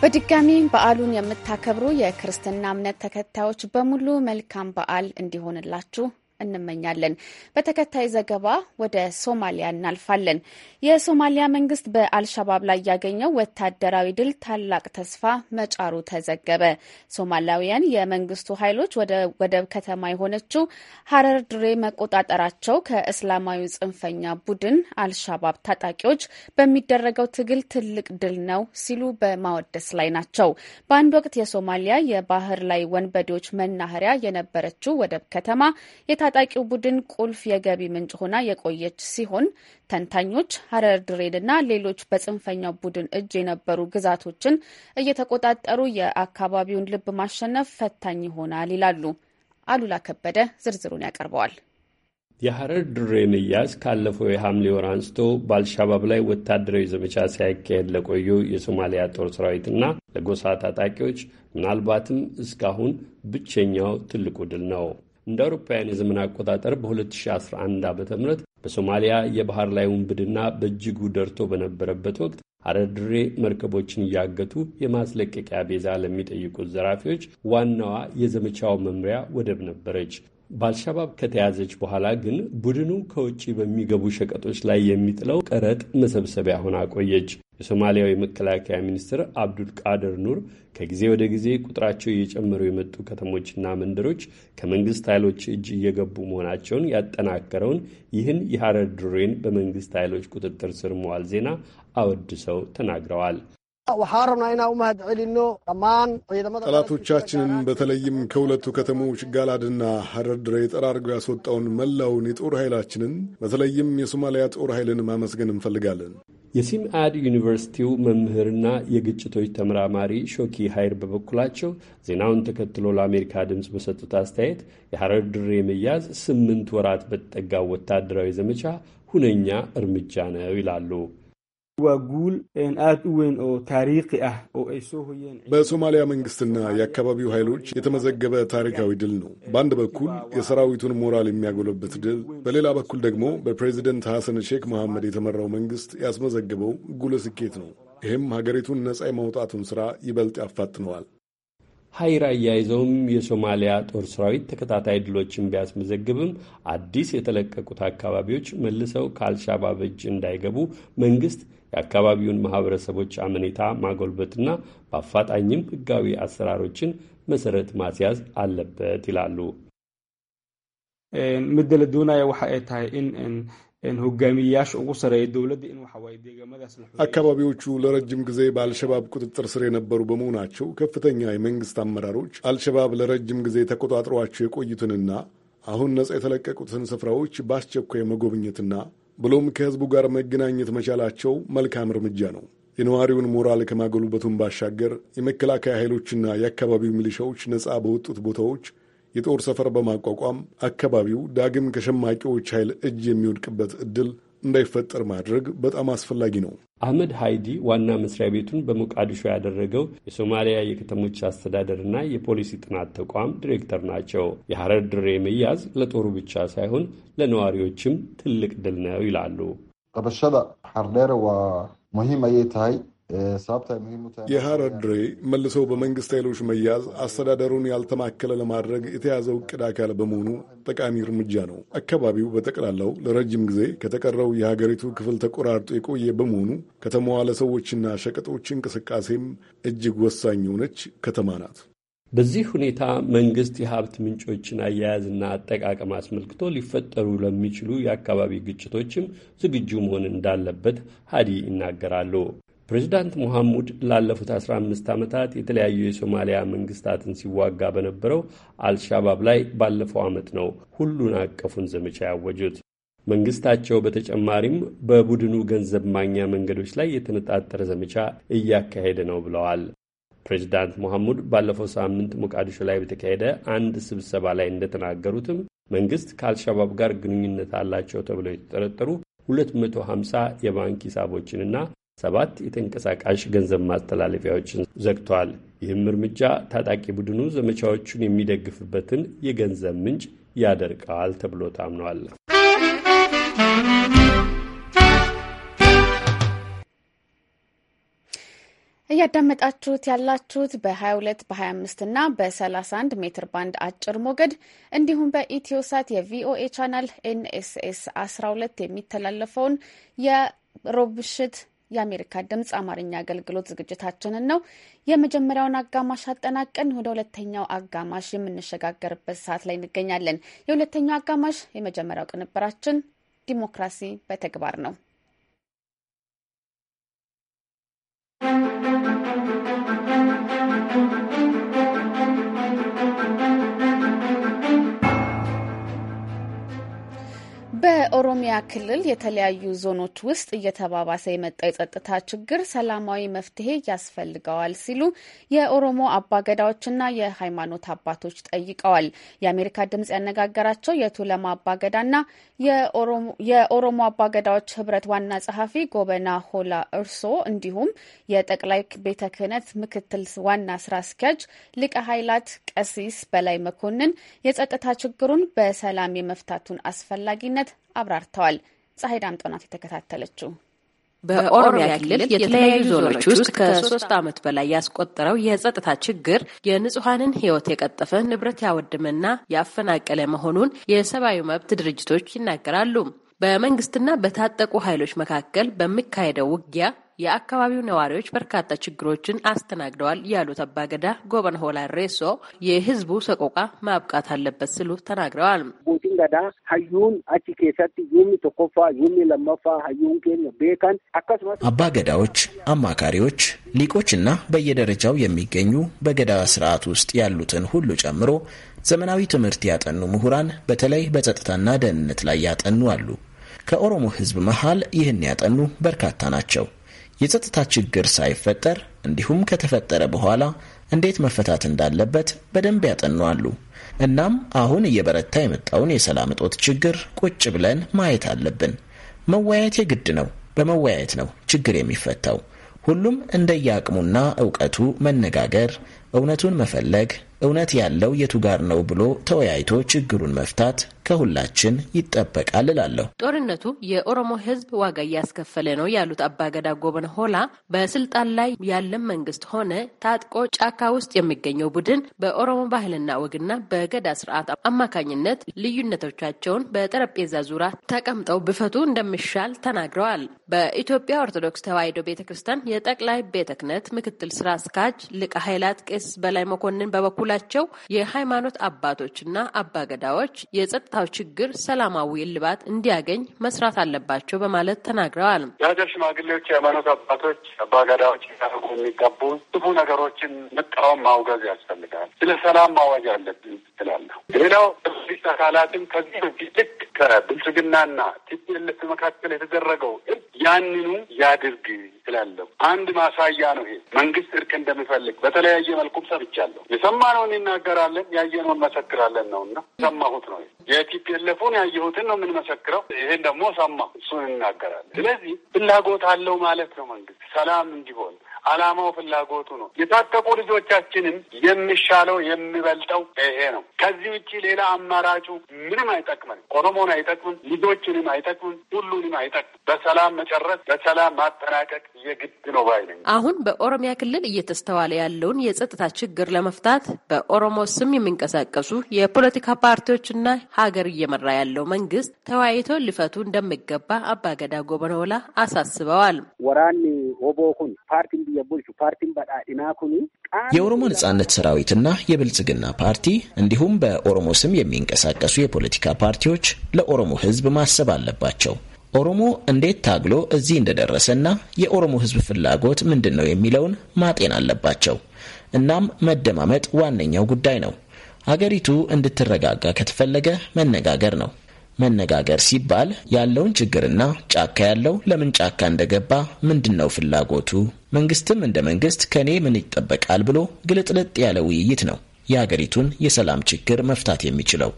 በድጋሚ በዓሉን የምታከብሩ የክርስትና እምነት ተከታዮች በሙሉ መልካም በዓል እንዲሆንላችሁ እንመኛለን። በተከታይ ዘገባ ወደ ሶማሊያ እናልፋለን። የሶማሊያ መንግስት በአልሻባብ ላይ ያገኘው ወታደራዊ ድል ታላቅ ተስፋ መጫሩ ተዘገበ። ሶማሊያውያን የመንግስቱ ኃይሎች ወደ ወደብ ከተማ የሆነችው ሀረር ድሬ መቆጣጠራቸው ከእስላማዊ ጽንፈኛ ቡድን አልሻባብ ታጣቂዎች በሚደረገው ትግል ትልቅ ድል ነው ሲሉ በማወደስ ላይ ናቸው። በአንድ ወቅት የሶማሊያ የባህር ላይ ወንበዴዎች መናኸሪያ የነበረችው ወደብ ከተማ የታጣቂው ቡድን ቁልፍ የገቢ ምንጭ ሆና የቆየች ሲሆን ተንታኞች ሀረር ድሬድና ሌሎች በጽንፈኛው ቡድን እጅ የነበሩ ግዛቶችን እየተቆጣጠሩ የአካባቢውን ልብ ማሸነፍ ፈታኝ ይሆናል ይላሉ። አሉላ ከበደ ዝርዝሩን ያቀርበዋል። የሐረር ድሬ መያዝ ካለፈው የሐምሌ ወር አንስቶ በአልሻባብ ላይ ወታደራዊ ዘመቻ ሲያካሄድ ለቆየው የሶማሊያ ጦር ሰራዊትና ለጎሳ ታጣቂዎች ምናልባትም እስካሁን ብቸኛው ትልቁ ድል ነው። እንደ አውሮፓውያን የዘመን አቆጣጠር በ2011 ዓ ም በሶማሊያ የባህር ላይ ውንብድና በእጅጉ ደርቶ በነበረበት ወቅት አረድሬ መርከቦችን እያገቱ የማስለቀቂያ ቤዛ ለሚጠይቁት ዘራፊዎች ዋናዋ የዘመቻው መምሪያ ወደብ ነበረች። በአልሸባብ ከተያዘች በኋላ ግን ቡድኑ ከውጭ በሚገቡ ሸቀጦች ላይ የሚጥለው ቀረጥ መሰብሰቢያ ሆና ቆየች። የሶማሊያው የመከላከያ ሚኒስትር አብዱል ቃድር ኑር ከጊዜ ወደ ጊዜ ቁጥራቸው እየጨመሩ የመጡ ከተሞችና መንደሮች ከመንግስት ኃይሎች እጅ እየገቡ መሆናቸውን ያጠናከረውን ይህን የሐረር ድሬን በመንግስት ኃይሎች ቁጥጥር ስር መዋል ዜና አወድሰው ተናግረዋል። ጠላቶቻችንን በተለይም ከሁለቱ ከተሞች ጋላድና ሀረርድሬ ጠራርጎ ያስወጣውን መላውን የጦር ኃይላችንን በተለይም የሶማሊያ ጦር ኃይልን ማመስገን እንፈልጋለን። የሲምአድ ዩኒቨርሲቲው መምህርና የግጭቶች ተመራማሪ ሾኪ ሀይር በበኩላቸው ዜናውን ተከትሎ ለአሜሪካ ድምፅ በሰጡት አስተያየት የሐረር ድሬ መያዝ ስምንት ወራት በተጠጋው ወታደራዊ ዘመቻ ሁነኛ እርምጃ ነው ይላሉ። waa guul aad u weyn oo taariikhi ah oo ay soo hoyeen በሶማሊያ መንግስትና የአካባቢው ኃይሎች የተመዘገበ ታሪካዊ ድል ነው። በአንድ በኩል የሰራዊቱን ሞራል የሚያጎለበት ድል፣ በሌላ በኩል ደግሞ በፕሬዚደንት ሐሰን ሼክ መሐመድ የተመራው መንግስት ያስመዘገበው ጉልህ ስኬት ነው። ይህም ሀገሪቱን ነጻ የማውጣቱን ሥራ ይበልጥ ያፋጥነዋል። ሀይር አያይዘውም የሶማሊያ ጦር ሰራዊት ተከታታይ ድሎችን ቢያስመዘግብም አዲስ የተለቀቁት አካባቢዎች መልሰው ከአልሻባብ እጅ እንዳይገቡ መንግስት የአካባቢውን ማህበረሰቦች አመኔታ ማጎልበትና በአፋጣኝም ህጋዊ አሰራሮችን መሰረት ማስያዝ አለበት ይላሉ። አካባቢዎቹ ለረጅም ጊዜ በአልሸባብ ቁጥጥር ስር የነበሩ በመሆናቸው ከፍተኛ የመንግስት አመራሮች አልሸባብ ለረጅም ጊዜ ተቆጣጥሯቸው የቆዩትንና አሁን ነጻ የተለቀቁትን ስፍራዎች በአስቸኳይ መጎብኘትና ብሎም ከህዝቡ ጋር መገናኘት መቻላቸው መልካም እርምጃ ነው። የነዋሪውን ሞራል ከማጎልበቱን ባሻገር የመከላከያ ኃይሎችና የአካባቢው ሚሊሻዎች ነፃ በወጡት ቦታዎች የጦር ሰፈር በማቋቋም አካባቢው ዳግም ከሸማቂዎች ኃይል እጅ የሚወድቅበት ዕድል እንዳይፈጠር ማድረግ በጣም አስፈላጊ ነው። አህመድ ሃይዲ ዋና መስሪያ ቤቱን በሞቃዲሾ ያደረገው የሶማሊያ የከተሞች አስተዳደርና የፖሊሲ ጥናት ተቋም ዲሬክተር ናቸው። የሐረር ድሬ መያዝ ለጦሩ ብቻ ሳይሆን ለነዋሪዎችም ትልቅ ድል ነው ይላሉ። ቀበሸዳ ሐርደር ሙሂም አየታይ የሃረድሬ ድሬ በመንግስት ኃይሎች መያዝ አስተዳደሩን ያልተማከለ ለማድረግ የተያዘው እቅድ አካል በመሆኑ ጠቃሚ እርምጃ ነው። አካባቢው በጠቅላላው ለረጅም ጊዜ ከተቀረው የሀገሪቱ ክፍል ተቆራርጦ የቆየ በመሆኑ ከተማዋ ለሰዎችና ሸቀጦች እንቅስቃሴም እጅግ ወሳኝ የሆነች ከተማ ናት። በዚህ ሁኔታ መንግስት የሀብት ምንጮችን አያያዝና አጠቃቀም አስመልክቶ ሊፈጠሩ ለሚችሉ የአካባቢ ግጭቶችም ዝግጁ መሆን እንዳለበት ሀዲ ይናገራሉ። ፕሬዚዳንት ሙሐሙድ ላለፉት 15 ዓመታት የተለያዩ የሶማሊያ መንግስታትን ሲዋጋ በነበረው አልሻባብ ላይ ባለፈው ዓመት ነው ሁሉን አቀፉን ዘመቻ ያወጁት። መንግስታቸው በተጨማሪም በቡድኑ ገንዘብ ማግኛ መንገዶች ላይ የተነጣጠረ ዘመቻ እያካሄደ ነው ብለዋል። ፕሬዚዳንት ሙሐሙድ ባለፈው ሳምንት ሞቃዲሾ ላይ በተካሄደ አንድ ስብሰባ ላይ እንደተናገሩትም መንግስት ከአልሻባብ ጋር ግንኙነት አላቸው ተብለው የተጠረጠሩ 250 የባንክ ሂሳቦችንና ሰባት የተንቀሳቃሽ ገንዘብ ማስተላለፊያዎችን ዘግቷል። ይህም እርምጃ ታጣቂ ቡድኑ ዘመቻዎቹን የሚደግፍበትን የገንዘብ ምንጭ ያደርቀዋል ተብሎ ታምኗል። እያዳመጣችሁት ያላችሁት በ22 በ25 እና በ31 ሜትር ባንድ አጭር ሞገድ እንዲሁም በኢትዮሳት የቪኦኤ ቻናል ኤንኤስኤስ 12 የሚተላለፈውን የሮብ ምሽት የአሜሪካ ድምፅ አማርኛ አገልግሎት ዝግጅታችንን ነው። የመጀመሪያውን አጋማሽ አጠናቀን ወደ ሁለተኛው አጋማሽ የምንሸጋገርበት ሰዓት ላይ እንገኛለን። የሁለተኛው አጋማሽ የመጀመሪያው ቅንብራችን ዲሞክራሲ በተግባር ነው። በኦሮሚያ ክልል የተለያዩ ዞኖች ውስጥ እየተባባሰ የመጣው የጸጥታ ችግር ሰላማዊ መፍትሄ ያስፈልገዋል ሲሉ የኦሮሞ አባገዳዎችና የሃይማኖት አባቶች ጠይቀዋል። የአሜሪካ ድምጽ ያነጋገራቸው የቱለማ አባገዳና የኦሮሞ አባገዳዎች ህብረት ዋና ጸሐፊ ጎበና ሆላ እርሶ እንዲሁም የጠቅላይ ቤተ ክህነት ምክትል ዋና ስራ አስኪያጅ ሊቀ ኃይላት ቀሲስ በላይ መኮንን የጸጥታ ችግሩን በሰላም የመፍታቱን አስፈላጊነት አብራርተዋል። ፀሐይ ዳምጠው ናት የተከታተለችው። በኦሮሚያ ክልል የተለያዩ ዞኖች ውስጥ ከሶስት ዓመት በላይ ያስቆጠረው የጸጥታ ችግር የንጹሐንን ሕይወት የቀጠፈ ንብረት ያወደመና ያፈናቀለ መሆኑን የሰብአዊ መብት ድርጅቶች ይናገራሉ። በመንግስትና በታጠቁ ኃይሎች መካከል በሚካሄደው ውጊያ የአካባቢው ነዋሪዎች በርካታ ችግሮችን አስተናግደዋል ያሉት አባገዳ ጎበን ሆላ ሬሶ የህዝቡ ሰቆቃ ማብቃት አለበት ስሉ ተናግረዋል። ገዳ ሀዩን አቺ ኬሰት ዩሚ ቶኮፋ ዩሚ ለመፋ ሀዩን ኬኝ ቤከን አካስመስ አባገዳዎች፣ አማካሪዎች፣ ሊቆችና በየደረጃው የሚገኙ በገዳ ስርዓት ውስጥ ያሉትን ሁሉ ጨምሮ ዘመናዊ ትምህርት ያጠኑ ምሁራን በተለይ በጸጥታና ደህንነት ላይ ያጠኑ አሉ። ከኦሮሞ ሕዝብ መሃል ይህን ያጠኑ በርካታ ናቸው። የጸጥታ ችግር ሳይፈጠር እንዲሁም ከተፈጠረ በኋላ እንዴት መፈታት እንዳለበት በደንብ ያጠኑ አሉ። እናም አሁን እየበረታ የመጣውን የሰላም እጦት ችግር ቁጭ ብለን ማየት አለብን። መወያየት የግድ ነው። በመወያየት ነው ችግር የሚፈታው። ሁሉም እንደየአቅሙና እውቀቱ መነጋገር፣ እውነቱን መፈለግ፣ እውነት ያለው የቱ ጋር ነው ብሎ ተወያይቶ ችግሩን መፍታት ከሁላችን ይጠበቃል እላለሁ። ጦርነቱ የኦሮሞ ሕዝብ ዋጋ እያስከፈለ ነው ያሉት አባገዳ ጎበነ ሆላ በስልጣን ላይ ያለን መንግስት ሆነ ታጥቆ ጫካ ውስጥ የሚገኘው ቡድን በኦሮሞ ባህልና ወግና በገዳ ስርዓት አማካኝነት ልዩነቶቻቸውን በጠረጴዛ ዙሪያ ተቀምጠው ብፈቱ እንደሚሻል ተናግረዋል። በኢትዮጵያ ኦርቶዶክስ ተዋሕዶ ቤተ ክርስቲያን የጠቅላይ ቤተ ክህነት ምክትል ስራ አስኪያጅ ሊቀ ካህናት ቄስ በላይ መኮንን በበኩል በበኩላቸው የሃይማኖት አባቶችና አባገዳዎች የጸጥታው ችግር ሰላማዊ እልባት እንዲያገኝ መስራት አለባቸው በማለት ተናግረዋል። የሀገር ሽማግሌዎች፣ የሃይማኖት አባቶች፣ አባገዳዎች ሊያደርጉ የሚጋቡ ብዙ ነገሮችን መቃወም ማውገዝ ያስፈልጋል። ስለ ሰላም ማወጅ አለብን ትላለሁ። ሌላው ፖሊስ አካላትም ከዚህ በፊት ልክ ከብልጽግናና ቲፒኤልኤፍ መካከል የተደረገው ያንኑ ያድርግ ትላለሁ። አንድ ማሳያ ነው ይሄ መንግስት እርቅ እንደሚፈልግ በተለያየ መልኩም ሰምቻለሁ። የሰማ የሰማነውን ይናገራለን፣ ያየነውን እንመሰክራለን ነው እና ሰማሁት ነው የቲፒኤልኤፉን ያየሁትን ነው የምንመሰክረው። ይሄን ደግሞ ሰማ እሱን እንናገራለን። ስለዚህ ፍላጎት አለው ማለት ነው መንግስት ሰላም እንዲሆን አላማው ፍላጎቱ ነው። የታጠቁ ልጆቻችንም የሚሻለው የሚበልጠው ይሄ ነው። ከዚህ ውጭ ሌላ አማራጩ ምንም አይጠቅምም። ኦሮሞን አይጠቅምም፣ ልጆችንም አይጠቅምም፣ ሁሉንም አይጠቅም። በሰላም መጨረስ፣ በሰላም ማጠናቀቅ የግድ ነው ባይ ነኝ። አሁን በኦሮሚያ ክልል እየተስተዋለ ያለውን የጸጥታ ችግር ለመፍታት በኦሮሞ ስም የሚንቀሳቀሱ የፖለቲካ ፓርቲዎችና ሀገር እየመራ ያለው መንግስት ተወያይቶ ሊፈቱ እንደሚገባ አባገዳ ጎበኖላ አሳስበዋል። ወራኒ ኦቦ ኩን ፓርቲ የኦሮሞ ነጻነት ሰራዊትና የብልጽግና ፓርቲ እንዲሁም በኦሮሞ ስም የሚንቀሳቀሱ የፖለቲካ ፓርቲዎች ለኦሮሞ ህዝብ ማሰብ አለባቸው። ኦሮሞ እንዴት ታግሎ እዚህ እንደደረሰና የኦሮሞ ህዝብ ፍላጎት ምንድን ነው የሚለውን ማጤን አለባቸው። እናም መደማመጥ ዋነኛው ጉዳይ ነው። አገሪቱ እንድትረጋጋ ከተፈለገ መነጋገር ነው። መነጋገር ሲባል ያለውን ችግርና ጫካ ያለው ለምን ጫካ እንደገባ ምንድን ነው ፍላጎቱ፣ መንግስትም እንደ መንግስት ከእኔ ምን ይጠበቃል ብሎ ግልጥልጥ ያለ ውይይት ነው የሀገሪቱን የሰላም ችግር መፍታት የሚችለው።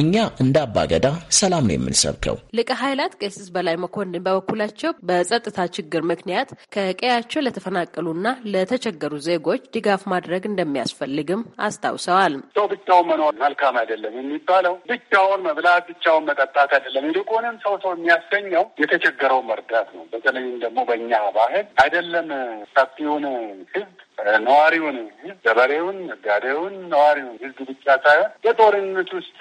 እኛ እንደ አባገዳ ሰላም ነው የምንሰብከው። ሊቀ ኃይላት ቄስ በላይ መኮንን በበኩላቸው በጸጥታ ችግር ምክንያት ከቀያቸው ለተፈናቀሉና ለተቸገሩ ዜጎች ድጋፍ ማድረግ እንደሚያስፈልግም አስታውሰዋል። ሰው ብቻውን መኖር መልካም አይደለም የሚባለው ብቻውን መብላት፣ ብቻውን መጠጣት አይደለም። ይልቁንም ሰው ሰው የሚያሰኘው የተቸገረው መርዳት ነው። በተለይም ደግሞ በእኛ ባህል አይደለም ሰፊውን ህዝብ ነዋሪውን ገበሬውን፣ ነጋዴውን፣ ነዋሪውን ህዝብ ብቻ ሳይሆን በጦርነት ውስጥ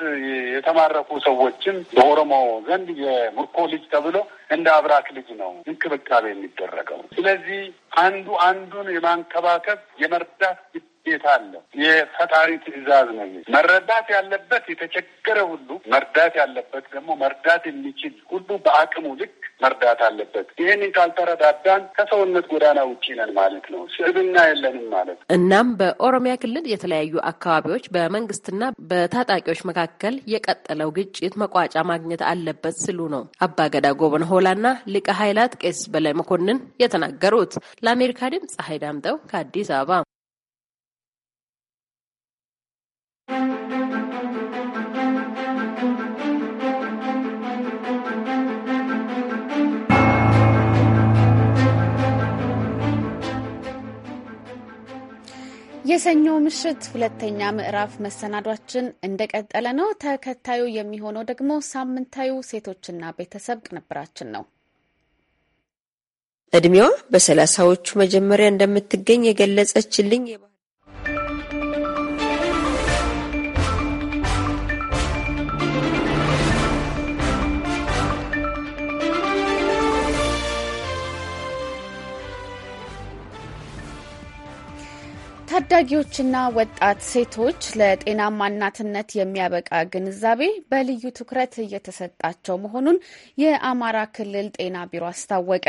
የተማረኩ ሰዎችም በኦሮሞ ዘንድ የምርኮ ልጅ ተብሎ እንደ አብራክ ልጅ ነው እንክብካቤ የሚደረገው። ስለዚህ አንዱ አንዱን የማንከባከብ የመርዳት ውጤት አለ? የፈጣሪ ትዕዛዝ ነው። መረዳት ያለበት የተቸገረ ሁሉ መርዳት ያለበት ደግሞ መርዳት የሚችል ሁሉ በአቅሙ ልክ መርዳት አለበት። ይህንን ካልተረዳዳን ከሰውነት ጎዳና ውጭ ነን ማለት ነው። ስዕብና የለንም ማለት ነው። እናም በኦሮሚያ ክልል የተለያዩ አካባቢዎች በመንግስትና በታጣቂዎች መካከል የቀጠለው ግጭት መቋጫ ማግኘት አለበት ስሉ ነው አባገዳ ጎበን ሆላና ሊቀ ኃይላት ቄስ በላይ መኮንን የተናገሩት። ለአሜሪካ ድምፅ ፀሐይ ዳምጠው ከአዲስ አበባ የሰኞ ምሽት ሁለተኛ ምዕራፍ መሰናዷችን እንደቀጠለ ነው። ተከታዩ የሚሆነው ደግሞ ሳምንታዊ ሴቶችና ቤተሰብ ቅንብራችን ነው። እድሜዋ በሰላሳዎቹ መጀመሪያ እንደምትገኝ የገለጸችልኝ ታዳጊዎችና ወጣት ሴቶች ለጤናማ እናትነት የሚያበቃ ግንዛቤ በልዩ ትኩረት እየተሰጣቸው መሆኑን የአማራ ክልል ጤና ቢሮ አስታወቀ።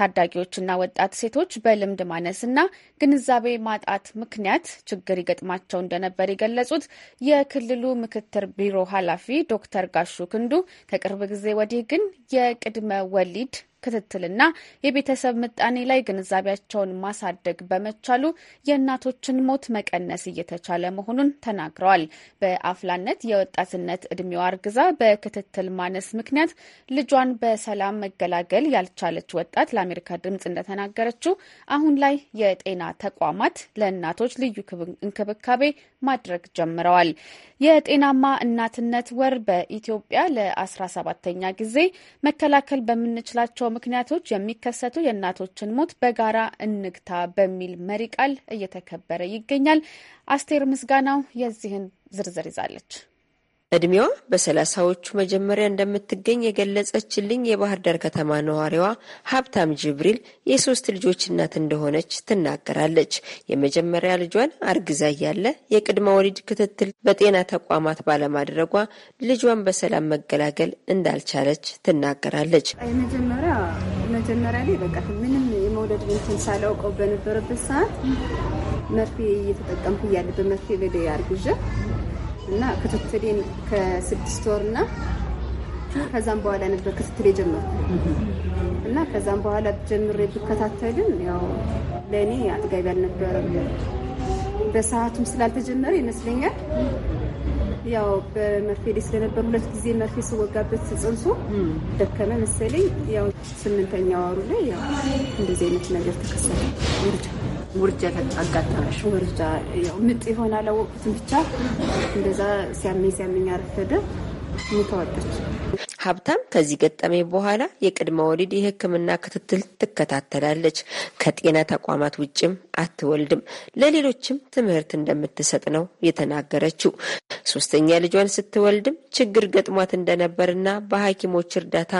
ታዳጊዎችና ወጣት ሴቶች በልምድ ማነስና ግንዛቤ ማጣት ምክንያት ችግር ይገጥማቸው እንደነበር የገለጹት የክልሉ ምክትል ቢሮ ኃላፊ ዶክተር ጋሹ ክንዱ ከቅርብ ጊዜ ወዲህ ግን የቅድመ ወሊድ ክትትልና የቤተሰብ ምጣኔ ላይ ግንዛቤያቸውን ማሳደግ በመቻሉ የእናቶችን ሞት መቀነስ እየተቻለ መሆኑን ተናግረዋል። በአፍላነት የወጣትነት እድሜዋ አርግዛ በክትትል ማነስ ምክንያት ልጇን በሰላም መገላገል ያልቻለች ወጣት ለአሜሪካ ድምጽ እንደተናገረችው አሁን ላይ የጤና ተቋማት ለእናቶች ልዩ እንክብካቤ ማድረግ ጀምረዋል። የጤናማ እናትነት ወር በኢትዮጵያ ለ17ተኛ ጊዜ መከላከል በምንችላቸው ምክንያቶች የሚከሰቱ የእናቶችን ሞት በጋራ እንግታ በሚል መሪ ቃል እየተከበረ ይገኛል። አስቴር ምስጋናው የዚህን ዝርዝር ይዛለች። እድሜዋ በሰላሳዎቹ መጀመሪያ እንደምትገኝ የገለጸችልኝ የባህር ዳር ከተማ ነዋሪዋ ሀብታም ጅብሪል የሶስት ልጆች እናት እንደሆነች ትናገራለች። የመጀመሪያ ልጇን አርግዛ እያለ የቅድመ ወሊድ ክትትል በጤና ተቋማት ባለማድረጓ ልጇን በሰላም መገላገል እንዳልቻለች ትናገራለች። መጀመሪያ መጀመሪያ ላይ በቃ ምንም የመውለድ እንትን ሳላውቀው በነበረበት ሰዓት መርፌ እየተጠቀምኩ እያለ በመርፌ በደ አርግዣ እና ክትትሌን ከስድስት ወር እና ከዛም በኋላ ነበር ክትትል የጀመርኩ እና ከዛም በኋላ ጀምሬ ብከታተልም ያው ለእኔ አጥጋቢ አልነበረም። በሰዓቱም ስላልተጀመረ ይመስለኛል ያው በመርፌ ላይ ስለነበር ሁለት ጊዜ መርፌ ስወጋበት ጽንሶ ደከመ መሰለኝ። ያው ስምንተኛ ወሩ ላይ ያው እንደዚህ አይነት ነገር ተከሰተ። ውርጃ ውርጃ አጋጠመሽ? ውርጃ ያው ምጥ የሆነ አላወቅኩትም። ብቻ እንደዛ ሲያመኝ ሲያመኝ አረፈደ። ሙተዋለች። ሀብታም ከዚህ ገጠሜ በኋላ የቅድመ ወሊድ የሕክምና ክትትል ትከታተላለች። ከጤና ተቋማት ውጭም አትወልድም። ለሌሎችም ትምህርት እንደምትሰጥ ነው የተናገረችው። ሶስተኛ ልጇን ስትወልድም ችግር ገጥሟት እንደነበርና በሐኪሞች እርዳታ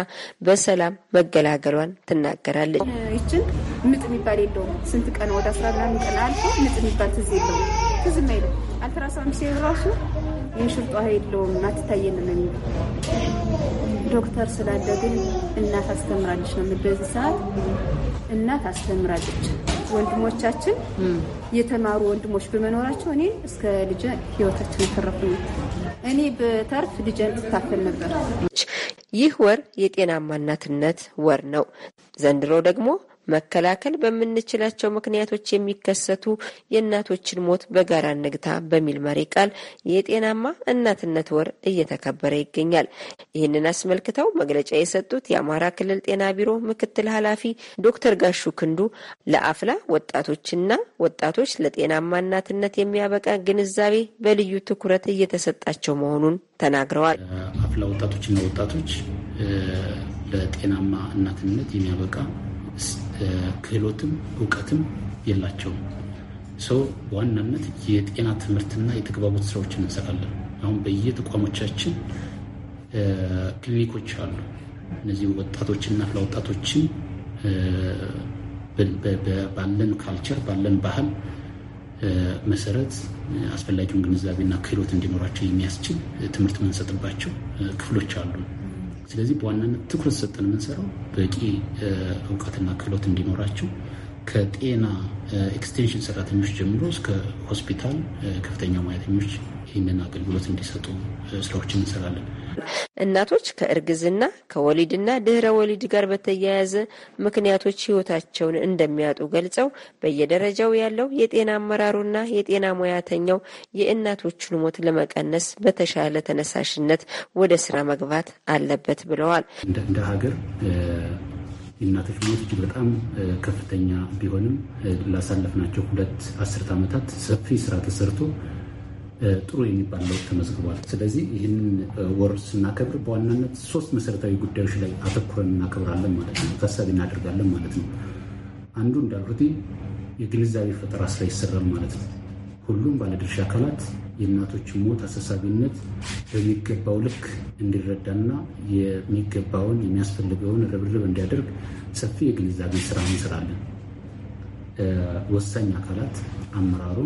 በሰላም መገላገሏን ትናገራለች። ይችን ምጥ የሚባል የለውም። ስንት ቀን ወደ አስራ ምናምን ቀን አልፎ ምጥ የሚባል ትዝ የለውም። ትዝም አይልም። አልትራሳውንድ ራሱ የሽርጧ የለውም አትታየንም የሚል ዶክተር ስላለ ግን እናት አስተምራለች ነው። በዚህ ሰዓት እናት አስተምራለች። ወንድሞቻችን የተማሩ ወንድሞች በመኖራቸው እኔ እስከ ልጄ ህይወታችን የተረፉ እኔ በተርፍ ልጄን ትታፈል ነበር። ይህ ወር የጤናማ እናትነት ወር ነው። ዘንድሮ ደግሞ መከላከል በምንችላቸው ምክንያቶች የሚከሰቱ የእናቶችን ሞት በጋራ ንግታ በሚል መሪ ቃል የጤናማ እናትነት ወር እየተከበረ ይገኛል። ይህንን አስመልክተው መግለጫ የሰጡት የአማራ ክልል ጤና ቢሮ ምክትል ኃላፊ ዶክተር ጋሹ ክንዱ ለአፍላ ወጣቶችና ወጣቶች ለጤናማ እናትነት የሚያበቃ ግንዛቤ በልዩ ትኩረት እየተሰጣቸው መሆኑን ተናግረዋል። አፍላ ወጣቶችና ወጣቶች ለጤናማ እናትነት የሚያበቃ ክህሎትም እውቀትም የላቸውም። ሰው በዋናነት የጤና ትምህርትና የተግባቦት ስራዎችን እንሰራለን። አሁን በየተቋሞቻችን ክሊኒኮች አሉ። እነዚህ ወጣቶችና ለወጣቶችን ወጣቶችን ባለን ካልቸር ባለን ባህል መሰረት አስፈላጊውን ግንዛቤና ክህሎት እንዲኖራቸው የሚያስችል ትምህርት የምንሰጥባቸው ክፍሎች አሉ። ስለዚህ በዋናነት ትኩረት ሰጠን የምንሰራው በቂ እውቀትና ክህሎት እንዲኖራቸው ከጤና ኤክስቴንሽን ሰራተኞች ጀምሮ እስከ ሆስፒታል ከፍተኛ ሙያተኞች ይህንን አገልግሎት እንዲሰጡ ስራዎችን እንሰራለን። እናቶች ከእርግዝና ከወሊድና ድህረ ወሊድ ጋር በተያያዘ ምክንያቶች ህይወታቸውን እንደሚያጡ ገልጸው በየደረጃው ያለው የጤና አመራሩና የጤና ሙያተኛው የእናቶቹን ሞት ለመቀነስ በተሻለ ተነሳሽነት ወደ ስራ መግባት አለበት ብለዋል። እንደ ሀገር የእናቶች ሞት እጅግ በጣም ከፍተኛ ቢሆንም ላሳለፍናቸው ሁለት አስርት ዓመታት ሰፊ ስራ ተሰርቶ ጥሩ የሚባል ለውጥ ተመዝግቧል። ስለዚህ ይህንን ወር ስናከብር በዋናነት ሶስት መሰረታዊ ጉዳዮች ላይ አተኩረን እናከብራለን ማለት ነው፣ ታሳቢ እናደርጋለን ማለት ነው። አንዱ እንዳልሁት የግንዛቤ ፈጠራ ስራ ይሰራል ማለት ነው። ሁሉም ባለድርሻ አካላት የእናቶች ሞት አሳሳቢነት በሚገባው ልክ እንዲረዳና የሚገባውን የሚያስፈልገውን ርብርብ እንዲያደርግ ሰፊ የግንዛቤ ስራ እንሰራለን። ወሳኝ አካላት አመራሩ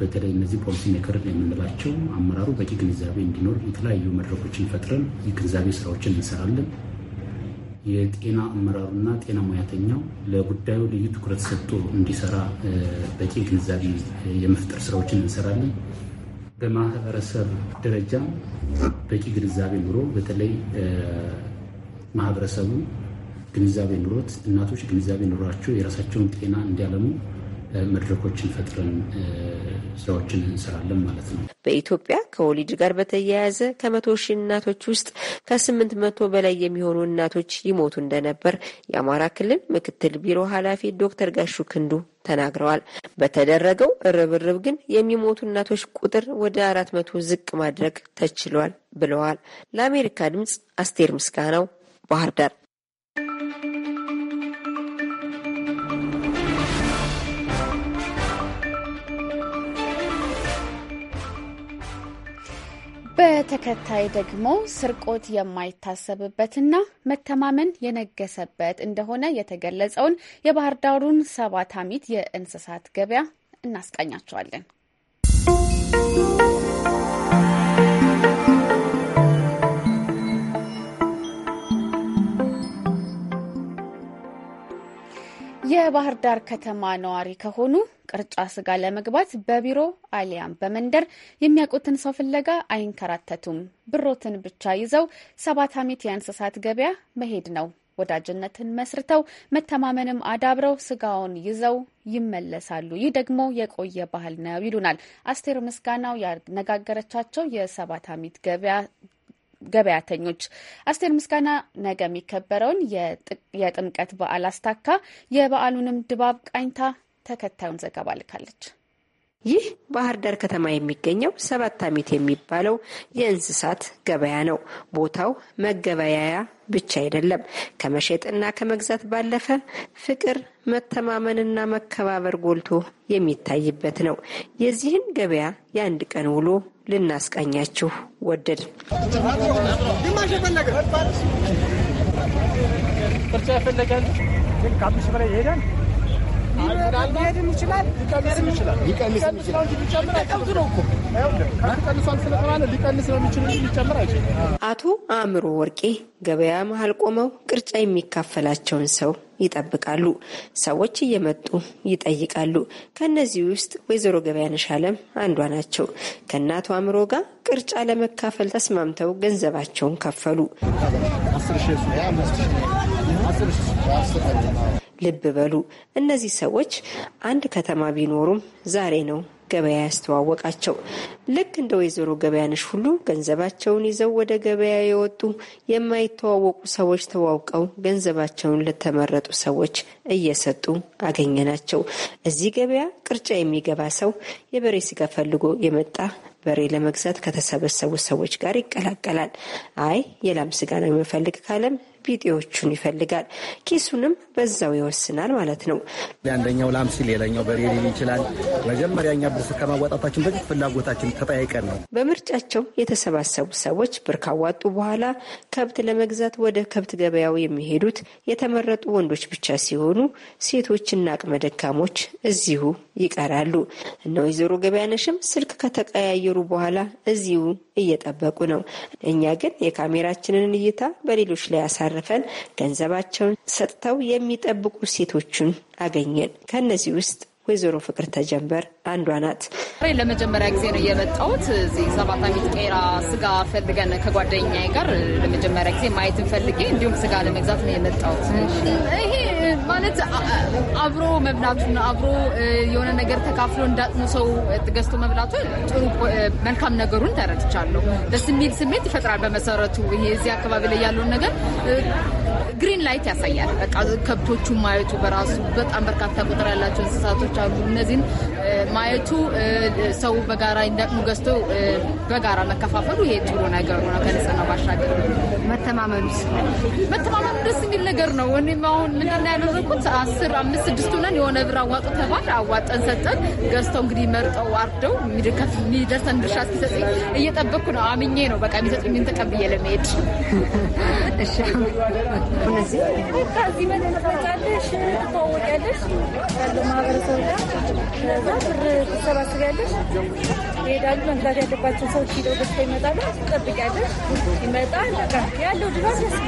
በተለይ እነዚህ ፖሊሲ ሜከር የምንላቸው አመራሩ በቂ ግንዛቤ እንዲኖር የተለያዩ መድረኮችን ፈጥረን የግንዛቤ ስራዎችን እንሰራለን። የጤና አመራሩና ጤና ሙያተኛው ለጉዳዩ ልዩ ትኩረት ሰጥቶ እንዲሰራ በቂ ግንዛቤ የመፍጠር ስራዎችን እንሰራለን። በማህበረሰብ ደረጃ በቂ ግንዛቤ ኑሮ በተለይ ማህበረሰቡ ግንዛቤ ኑሮት እናቶች ግንዛቤ ኑሯቸው የራሳቸውን ጤና እንዲያለሙ መድረኮችን ፈጥረን ስራዎችን እንሰራለን ማለት ነው። በኢትዮጵያ ከወሊድ ጋር በተያያዘ ከመቶ ሺህ እናቶች ውስጥ ከስምንት መቶ በላይ የሚሆኑ እናቶች ይሞቱ እንደነበር የአማራ ክልል ምክትል ቢሮ ኃላፊ ዶክተር ጋሹ ክንዱ ተናግረዋል። በተደረገው ርብርብ ግን የሚሞቱ እናቶች ቁጥር ወደ አራት መቶ ዝቅ ማድረግ ተችሏል ብለዋል። ለአሜሪካ ድምፅ አስቴር ምስጋናው ባህር ዳር በተከታይ ደግሞ ስርቆት የማይታሰብበትና መተማመን የነገሰበት እንደሆነ የተገለጸውን የባህር ዳሩን ሰባት አሚት የእንስሳት ገበያ እናስቃኛቸዋለን። የባህር ዳር ከተማ ነዋሪ ከሆኑ ቅርጫ ስጋ ለመግባት በቢሮ አሊያም በመንደር የሚያውቁትን ሰው ፍለጋ አይንከራተቱም። ብሮትን ብቻ ይዘው ሰባት አሜት የእንስሳት ገበያ መሄድ ነው። ወዳጅነትን መስርተው መተማመንም አዳብረው ስጋውን ይዘው ይመለሳሉ። ይህ ደግሞ የቆየ ባህል ነው ይሉናል። አስቴር ምስጋናው ያነጋገረቻቸው የሰባት አሜት ገበያ ገበያተኞች። አስቴር ምስጋና ነገ የሚከበረውን የጥምቀት በዓል አስታካ የበዓሉንም ድባብ ቃኝታ ተከታዩን ዘገባ ልካለች። ይህ ባህር ዳር ከተማ የሚገኘው ሰባት አሚት የሚባለው የእንስሳት ገበያ ነው። ቦታው መገበያያ ብቻ አይደለም። ከመሸጥና ከመግዛት ባለፈ ፍቅር፣ መተማመንና መከባበር ጎልቶ የሚታይበት ነው። የዚህን ገበያ የአንድ ቀን ውሎ ልናስቃኛችሁ ወደድ ግማሽ አቶ አእምሮ ወርቄ ገበያ መሀል ቆመው ቅርጫ የሚካፈላቸውን ሰው ይጠብቃሉ። ሰዎች እየመጡ ይጠይቃሉ። ከእነዚህ ውስጥ ወይዘሮ ገበያነሽ አለም አንዷ ናቸው። ከእናቷ አእምሮ ጋር ቅርጫ ለመካፈል ተስማምተው ገንዘባቸውን ከፈሉ። ልብ በሉ እነዚህ ሰዎች አንድ ከተማ ቢኖሩም ዛሬ ነው ገበያ ያስተዋወቃቸው። ልክ እንደ ወይዘሮ ገበያነሽ ሁሉ ገንዘባቸውን ይዘው ወደ ገበያ የወጡ የማይተዋወቁ ሰዎች ተዋውቀው ገንዘባቸውን ለተመረጡ ሰዎች እየሰጡ አገኘናቸው። እዚህ ገበያ ቅርጫ የሚገባ ሰው የበሬ ስጋ ፈልጎ የመጣ በሬ ለመግዛት ከተሰበሰቡ ሰዎች ጋር ይቀላቀላል። አይ የላም ስጋ ነው የምፈልግ ካለም ቢጤዎቹን ይፈልጋል። ኪሱንም በዛው ይወስናል ማለት ነው። አንደኛው ላም ሲል ሌላኛው በሬ ሊል ይችላል። መጀመሪያ እኛ ከማዋጣታችን በፊት ፍላጎታችን ተጠያይቀን ነው። በምርጫቸው የተሰባሰቡ ሰዎች ብር ካዋጡ በኋላ ከብት ለመግዛት ወደ ከብት ገበያው የሚሄዱት የተመረጡ ወንዶች ብቻ ሲሆኑ ሴቶችና አቅመ ደካሞች እዚሁ ይቀራሉ። እነ ወይዘሮ ገበያነሽም ስልክ ከተቀያየሩ በኋላ እዚሁ እየጠበቁ ነው። እኛ ግን የካሜራችንን እይታ በሌሎች ላይ አሳረ በማፈን ገንዘባቸውን ሰጥተው የሚጠብቁ ሴቶችን አገኘን። ከእነዚህ ውስጥ ወይዘሮ ፍቅር ተጀንበር አንዷ ናት። ለመጀመሪያ ጊዜ ነው የመጣሁት እዚህ ሰባት አሚት ቄራ ስጋ ፈልገን ከጓደኛ ጋር ለመጀመሪያ ጊዜ ማየትን ፈልጌ እንዲሁም ስጋ ለመግዛት ነው የመጣሁት። ይሄ ማለት አብሮ መብላቱና አብሮ የሆነ ነገር ተካፍሎ እንዳጥኑ ሰው ገዝቶ መብላቱ ጥሩ መልካም ነገሩን ተረድቻለሁ። ደስ የሚል ስሜት ይፈጥራል። በመሰረቱ ይሄ እዚህ አካባቢ ላይ ያለውን ነገር ግሪን ላይት ያሳያል። በቃ ከብቶቹ ማየቱ በራሱ በጣም በርካታ ቁጥር ያላቸው እንስሳቶች አሉ። እነዚህን ማየቱ ሰው በጋራ እንዳቅሙ ገዝቶ በጋራ መከፋፈሉ ይሄ ጥሩ ነገር ነው። ከንጽህና ባሻገር መተማመኑስ መተማመኑ ደስ የሚል ነገር ነው። እኔም አሁን ምንድን ነው ያደረኩት አስር አምስት ስድስት ሆነን የሆነ ብር አዋጡ ተባል አዋጠን ሰጠን ገዝተው እንግዲህ መርጠው አርደው የሚደርሰን ድርሻ እስኪሰጠኝ እየጠበቅኩ ነው። አምኜ ነው በቃ የሚሰጡኝን ተቀብዬ ለመሄድ ከዚህ መ ታወቂያለሽ ማህበረሰብ ጋር ብር ትሰባስቢያለሽ፣ ይሄዳሉ። መግዛት ያለባቸው ሰዎች ሂደው ገዝታ ይመጣሉ። ትጠብቂያለሽ፣ ይመጣል። በቃ ያለው ድባብ ደስ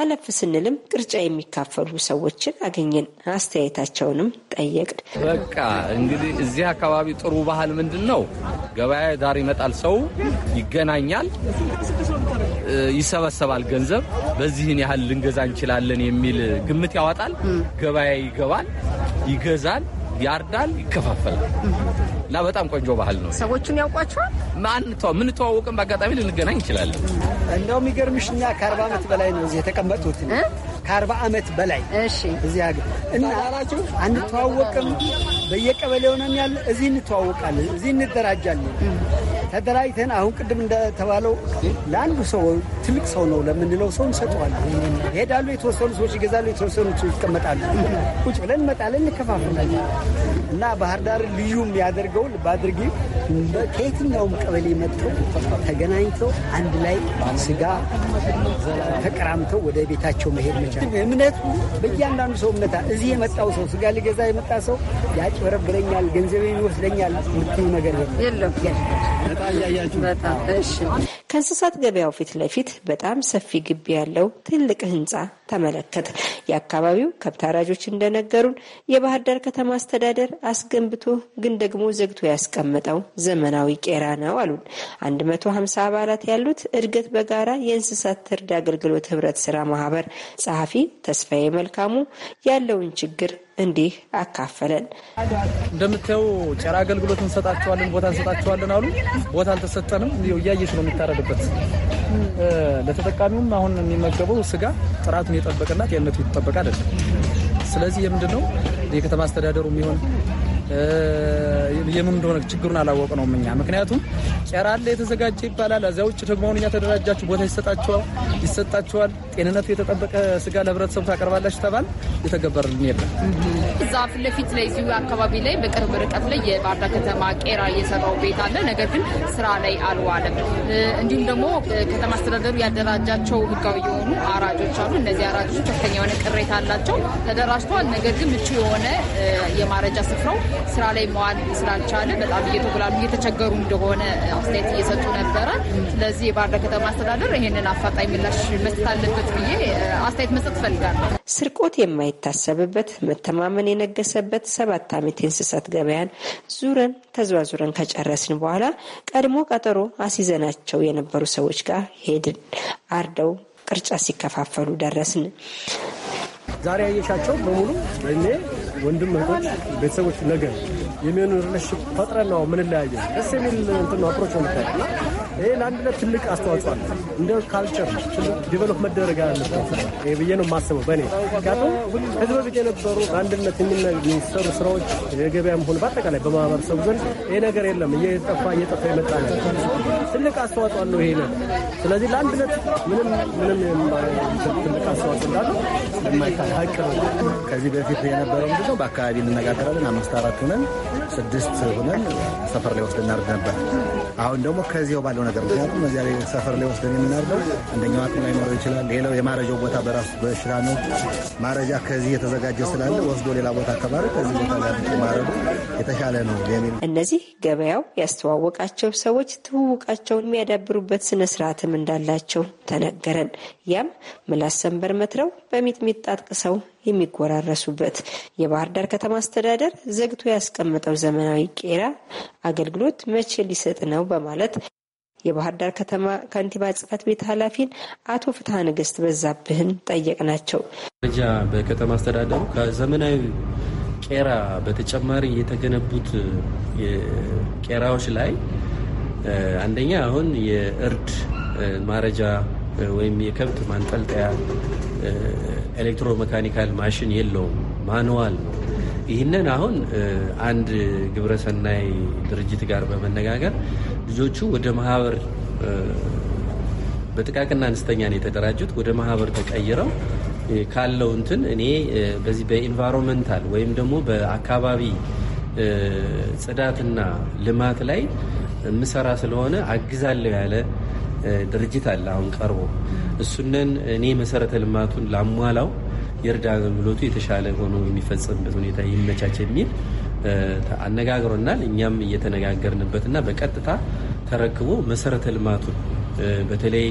አለፍ ስንልም ቅርጫ የሚካፈሉ ሰዎችን አገኘን። አስተያየታቸውንም ጠየቅን። በቃ እንግዲህ እዚህ አካባቢ ጥሩ ባህል ምንድን ነው? ገበያ ዳር ይመጣል፣ ሰው ይገናኛል፣ ይሰበሰባል ገንዘብ በዚህን ያህል ልንገዛ እንችላለን የሚል ግምት ያወጣል። ገበያ ይገባል፣ ይገዛል ያርዳል፣ ይከፋፈላል። እና በጣም ቆንጆ ባህል ነው። ሰዎቹን ያውቋቸዋል። ምን ተዋውቅም በአጋጣሚ ልንገናኝ እንችላለን። እንደውም የሚገርምሽ እኛ ከአርባ ዓመት በላይ ነው እዚህ የተቀመጡት ከአርባ ዓመት በላይ እዚህ ሀገር እና አንተዋወቅም። በየቀበሌው ነው ያለ። እዚህ እንተዋወቃለን፣ እዚህ እንደራጃለን። ተደራጅተን አሁን ቅድም እንደተባለው ለአንዱ ሰው ትልቅ ሰው ነው ለምንለው ሰው እንሰጠዋለን። ይሄዳሉ፣ የተወሰኑ ሰዎች ይገዛሉ፣ የተወሰኑ ይቀመጣሉ። ቁጭ ብለን እንመጣለን፣ እንከፋፍላለን እና ባህር ዳር ልዩ የሚያደርገው አድርገው ልብ አድርጊ ከየትኛውም ቀበሌ መጥተው ተገናኝተው አንድ ላይ ስጋ ተቀራምተው ወደ ቤታቸው መሄድ መቻል እምነቱ በእያንዳንዱ ሰው እምነታ እዚህ የመጣው ሰው ስጋ ሊገዛ የመጣ ሰው ያጭበረብረኛል፣ ገንዘቤን ይወስደኛል ነገር የለም። በጣም እያያችሁ ከእንስሳት ገበያው ፊት ለፊት በጣም ሰፊ ግቢ ያለው ትልቅ ህንፃ ተመለከት። የአካባቢው ከብት አራጆች እንደነገሩን የባህር ዳር ከተማ አስተዳደር አስገንብቶ ግን ደግሞ ዘግቶ ያስቀመጠው ዘመናዊ ቄራ ነው አሉን። 150 አባላት ያሉት እድገት በጋራ የእንስሳት ትርድ አገልግሎት ህብረት ስራ ማህበር ጸሐፊ ተስፋዬ መልካሙ ያለውን ችግር እንዲህ አካፈለን። እንደምታየው ጨራ አገልግሎት እንሰጣቸዋለን፣ ቦታ እንሰጣቸዋለን አሉ። ቦታ አልተሰጠንም። እያየሽ ነው የሚታረድበት። ለተጠቃሚውም አሁን የሚመገበው ስጋ ጥራቱን የጠበቀና ጤንነቱ የተጠበቀ አይደለም። ስለዚህ የምንድነው የከተማ አስተዳደሩ የሚሆን የምን እንደሆነ ችግሩን አላወቅ ነው እኛ። ምክንያቱም ቄራ አለ የተዘጋጀ ይባላል። እዚያ ውጭ ደግሞ አሁን እኛ ተደራጃችሁ ቦታ ይሰጣችኋል ይሰጣችኋል ጤንነቱ የተጠበቀ ስጋ ለህብረተሰቡ ታቀርባላችሁ ተባል የተገበርልን የለም። እዛ ፊት ለፊት ላይ እዚሁ አካባቢ ላይ በቅርብ ርቀት ላይ የባህር ከተማ ቄራ እየሰራው ቤት አለ። ነገር ግን ስራ ላይ አልዋለም። እንዲሁም ደግሞ ከተማ አስተዳደሩ ያደራጃቸው ህጋዊ የሆኑ አራጆች አሉ። እነዚህ አራጆች ከፍተኛ የሆነ ቅሬታ አላቸው። ተደራጅተዋል። ነገር ግን ምቹ የሆነ የማረጃ ስፍራው ስራ ላይ መዋል ስላልቻለ በጣም እየተጉላሉ እየተቸገሩ እንደሆነ አስተያየት እየሰጡ ነበረ። ስለዚህ የባህር ዳር ከተማ አስተዳደር ይህንን አፋጣኝ ምላሽ መስጠት አለበት ብዬ አስተያየት መስጠት እፈልጋለሁ። ስርቆት የማይታሰብበት መተማመን የነገሰበት ሰባት ዓመት የእንስሳት ገበያን ዙረን ተዘዋዙረን ከጨረስን በኋላ ቀድሞ ቀጠሮ አስይዘናቸው የነበሩ ሰዎች ጋር ሄድን። አርደው ቅርጫ ሲከፋፈሉ ደረስን። ዛሬ አየሻቸው በሙሉ በእኔ ወንድም እህቶች፣ ቤተሰቦች ነገር የሚሆን ሪሌሽን ፈጥረን ነው ምን ለያየ ደስ የሚል እንትን አፕሮች ነው ይህ ለአንድነት ትልቅ አስተዋጽኦ አለ። እንደ ካልቸር ዲቨሎፕ መደረግ ያለበት ብዬ ነው የማስበው በእኔ ምክንያቱም ህዝብ ብቻ የነበሩ በአንድነት የሚሰሩ ስራዎች የገበያም ሆነ በአጠቃላይ በማህበረሰቡ ዘንድ ይሄ ነገር የለም እየጠፋ እየጠፋ የመጣ ነው። ትልቅ አስተዋጽኦ አለው ይሄ ነገር። ስለዚህ ለአንድነት ምንም ምንም ትልቅ አስተዋጽኦ እንዳለው የማይካድ ሀቅ ነው። ከዚህ በፊት የነበረው ምንድን ነው? በአካባቢ እንነጋገራለን። አምስት አራት ሆነን ስድስት ሆነን ሰፈር ላይ ወስደን ነበር አሁን ደግሞ ከዚያው ባለው ነገር ምክንያቱም እዚያ ላይ ሰፈር ላይ ወስደን የምናርገው አንደኛው አቅም ላይ ይችላል። ሌላው የማረጃው ቦታ በራሱ በሽራ ነው። ማረጃ ከዚህ የተዘጋጀ ስላለ ወስዶ ሌላ ቦታ ከባረ ከዚህ ቦታ ጋር ማረጉ የተሻለ ነው የሚል እነዚህ ገበያው ያስተዋወቃቸው ሰዎች ትውውቃቸውን የሚያዳብሩበት ስነ ስርዓትም እንዳላቸው ተነገረን። ያም ምላስ ሰንበር መትረው በሚጥሚጣ አጥቅሰው የሚጎራረሱበት የባህር ዳር ከተማ አስተዳደር ዘግቶ ያስቀመጠው ዘመናዊ ቄራ አገልግሎት መቼ ሊሰጥ ነው በማለት የባህር ዳር ከተማ ከንቲባ ጽህፈት ቤት ኃላፊን አቶ ፍትሀ ንግስት በዛብህን ጠየቅናቸው። ደረጃ በከተማ አስተዳደሩ ከዘመናዊ ቄራ በተጨማሪ የተገነቡት ቄራዎች ላይ አንደኛ አሁን የእርድ ማረጃ ወይም የከብት ማንጠልጠያ ኤሌክትሮ መካኒካል ማሽን የለውም፣ ማኑዋል ነው። ይህንን አሁን አንድ ግብረሰናይ ድርጅት ጋር በመነጋገር ልጆቹ ወደ ማህበር በጥቃቅና አነስተኛ ነው የተደራጁት። ወደ ማህበር ተቀይረው ካለው እንትን እኔ በዚህ በኢንቫይሮንመንታል ወይም ደግሞ በአካባቢ ጽዳትና ልማት ላይ የምሰራ ስለሆነ አግዛለሁ ያለ ድርጅት አለ አሁን ቀርቦ እሱነን እኔ መሰረተ ልማቱን ላሟላው የእርዳ አገልግሎቱ የተሻለ ሆኖ የሚፈጸምበት ሁኔታ ይመቻች የሚል አነጋግሮናል። እኛም እየተነጋገርንበትና በቀጥታ ተረክቦ መሰረተ ልማቱን በተለይ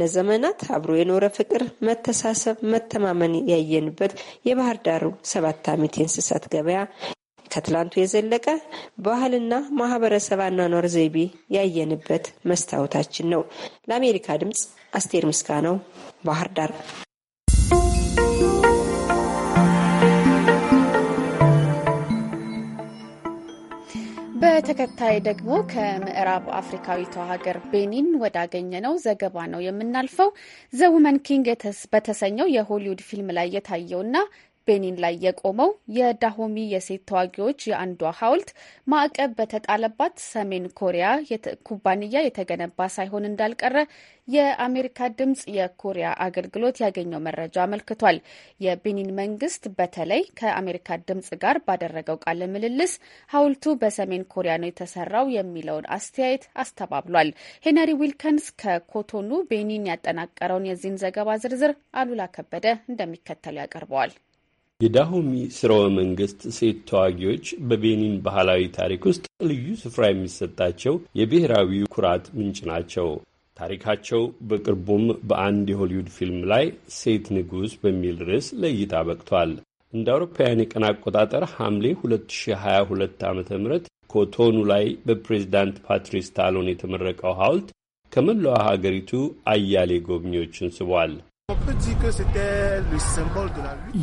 ለዘመናት አብሮ የኖረ ፍቅር፣ መተሳሰብ፣ መተማመን ያየንበት የባህር ዳሩ ሰባት ዓመት የእንስሳት ገበያ ከትላንቱ የዘለቀ ባህልና ማህበረሰብ አኗኗር ዘይቤ ያየንበት መስታወታችን ነው። ለአሜሪካ ድምፅ አስቴር ምስጋናው ባህር ዳር። በተከታይ ደግሞ ከምዕራብ አፍሪካዊቷ ሀገር ቤኒን ወዳገኘነው ዘገባ ነው የምናልፈው። ዘውመን ኪንግ በተሰኘው የሆሊውድ ፊልም ላይ የታየውና ቤኒን ላይ የቆመው የዳሆሚ የሴት ተዋጊዎች የአንዷ ሐውልት ማዕቀብ በተጣለባት ሰሜን ኮሪያ ኩባንያ የተገነባ ሳይሆን እንዳልቀረ የአሜሪካ ድምጽ የኮሪያ አገልግሎት ያገኘው መረጃ አመልክቷል። የቤኒን መንግስት በተለይ ከአሜሪካ ድምጽ ጋር ባደረገው ቃለ ምልልስ ሐውልቱ በሰሜን ኮሪያ ነው የተሰራው የሚለውን አስተያየት አስተባብሏል። ሄነሪ ዊልከንስ ከኮቶኑ ቤኒን ያጠናቀረውን የዚህን ዘገባ ዝርዝር አሉላ ከበደ እንደሚከተሉ ያቀርበዋል። የዳሁሚ ስርወ መንግስት ሴት ተዋጊዎች በቤኒን ባህላዊ ታሪክ ውስጥ ልዩ ስፍራ የሚሰጣቸው የብሔራዊ ኩራት ምንጭ ናቸው። ታሪካቸው በቅርቡም በአንድ የሆሊውድ ፊልም ላይ ሴት ንጉሥ በሚል ርዕስ ለእይታ በቅቷል። እንደ አውሮፓውያን የቀን አቆጣጠር ሐምሌ 2022 ዓ ም ኮቶኑ ላይ በፕሬዚዳንት ፓትሪስ ታሎን የተመረቀው ሐውልት ከመላዋ ሀገሪቱ አያሌ ጎብኚዎችን ስቧል።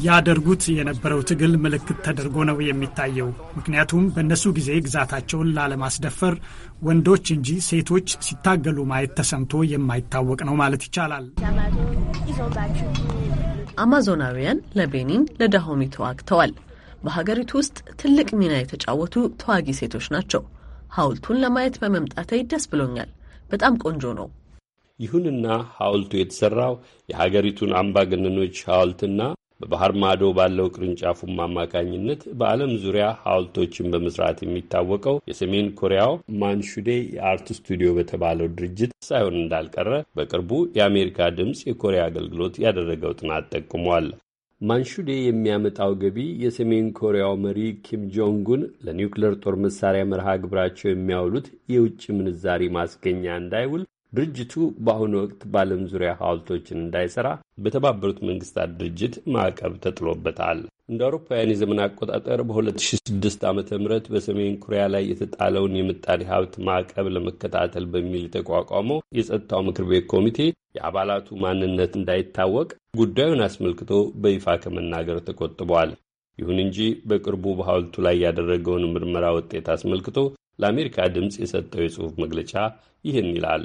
ያደርጉት የነበረው ትግል ምልክት ተደርጎ ነው የሚታየው። ምክንያቱም በእነሱ ጊዜ ግዛታቸውን ላለማስደፈር ወንዶች እንጂ ሴቶች ሲታገሉ ማየት ተሰምቶ የማይታወቅ ነው ማለት ይቻላል። አማዞናውያን ለቤኒን ለዳሆሚ ተዋግተዋል። በሀገሪቱ ውስጥ ትልቅ ሚና የተጫወቱ ተዋጊ ሴቶች ናቸው። ሐውልቱን ለማየት በመምጣቴ ደስ ብሎኛል። በጣም ቆንጆ ነው። ይሁንና ሐውልቱ የተሠራው የሀገሪቱን አምባገነኖች ሐውልትና በባህር ማዶ ባለው ቅርንጫፉም አማካኝነት በዓለም ዙሪያ ሐውልቶችን በመስራት የሚታወቀው የሰሜን ኮሪያው ማንሹዴ የአርት ስቱዲዮ በተባለው ድርጅት ሳይሆን እንዳልቀረ በቅርቡ የአሜሪካ ድምፅ የኮሪያ አገልግሎት ያደረገው ጥናት ጠቁሟል። ማንሹዴ የሚያመጣው ገቢ የሰሜን ኮሪያው መሪ ኪም ጆንጉን ለኒውክሌር ጦር መሳሪያ መርሃ ግብራቸው የሚያውሉት የውጭ ምንዛሪ ማስገኛ እንዳይውል ድርጅቱ በአሁኑ ወቅት በዓለም ዙሪያ ሐውልቶችን እንዳይሰራ በተባበሩት መንግስታት ድርጅት ማዕቀብ ተጥሎበታል። እንደ አውሮፓውያን የዘመን አቆጣጠር በ2006 ዓ ም በሰሜን ኮሪያ ላይ የተጣለውን የምጣኔ ሀብት ማዕቀብ ለመከታተል በሚል የተቋቋመው የጸጥታው ምክር ቤት ኮሚቴ የአባላቱ ማንነት እንዳይታወቅ ጉዳዩን አስመልክቶ በይፋ ከመናገር ተቆጥቧል። ይሁን እንጂ በቅርቡ በሐውልቱ ላይ ያደረገውን ምርመራ ውጤት አስመልክቶ ለአሜሪካ ድምፅ የሰጠው የጽሑፍ መግለጫ ይህን ይላል።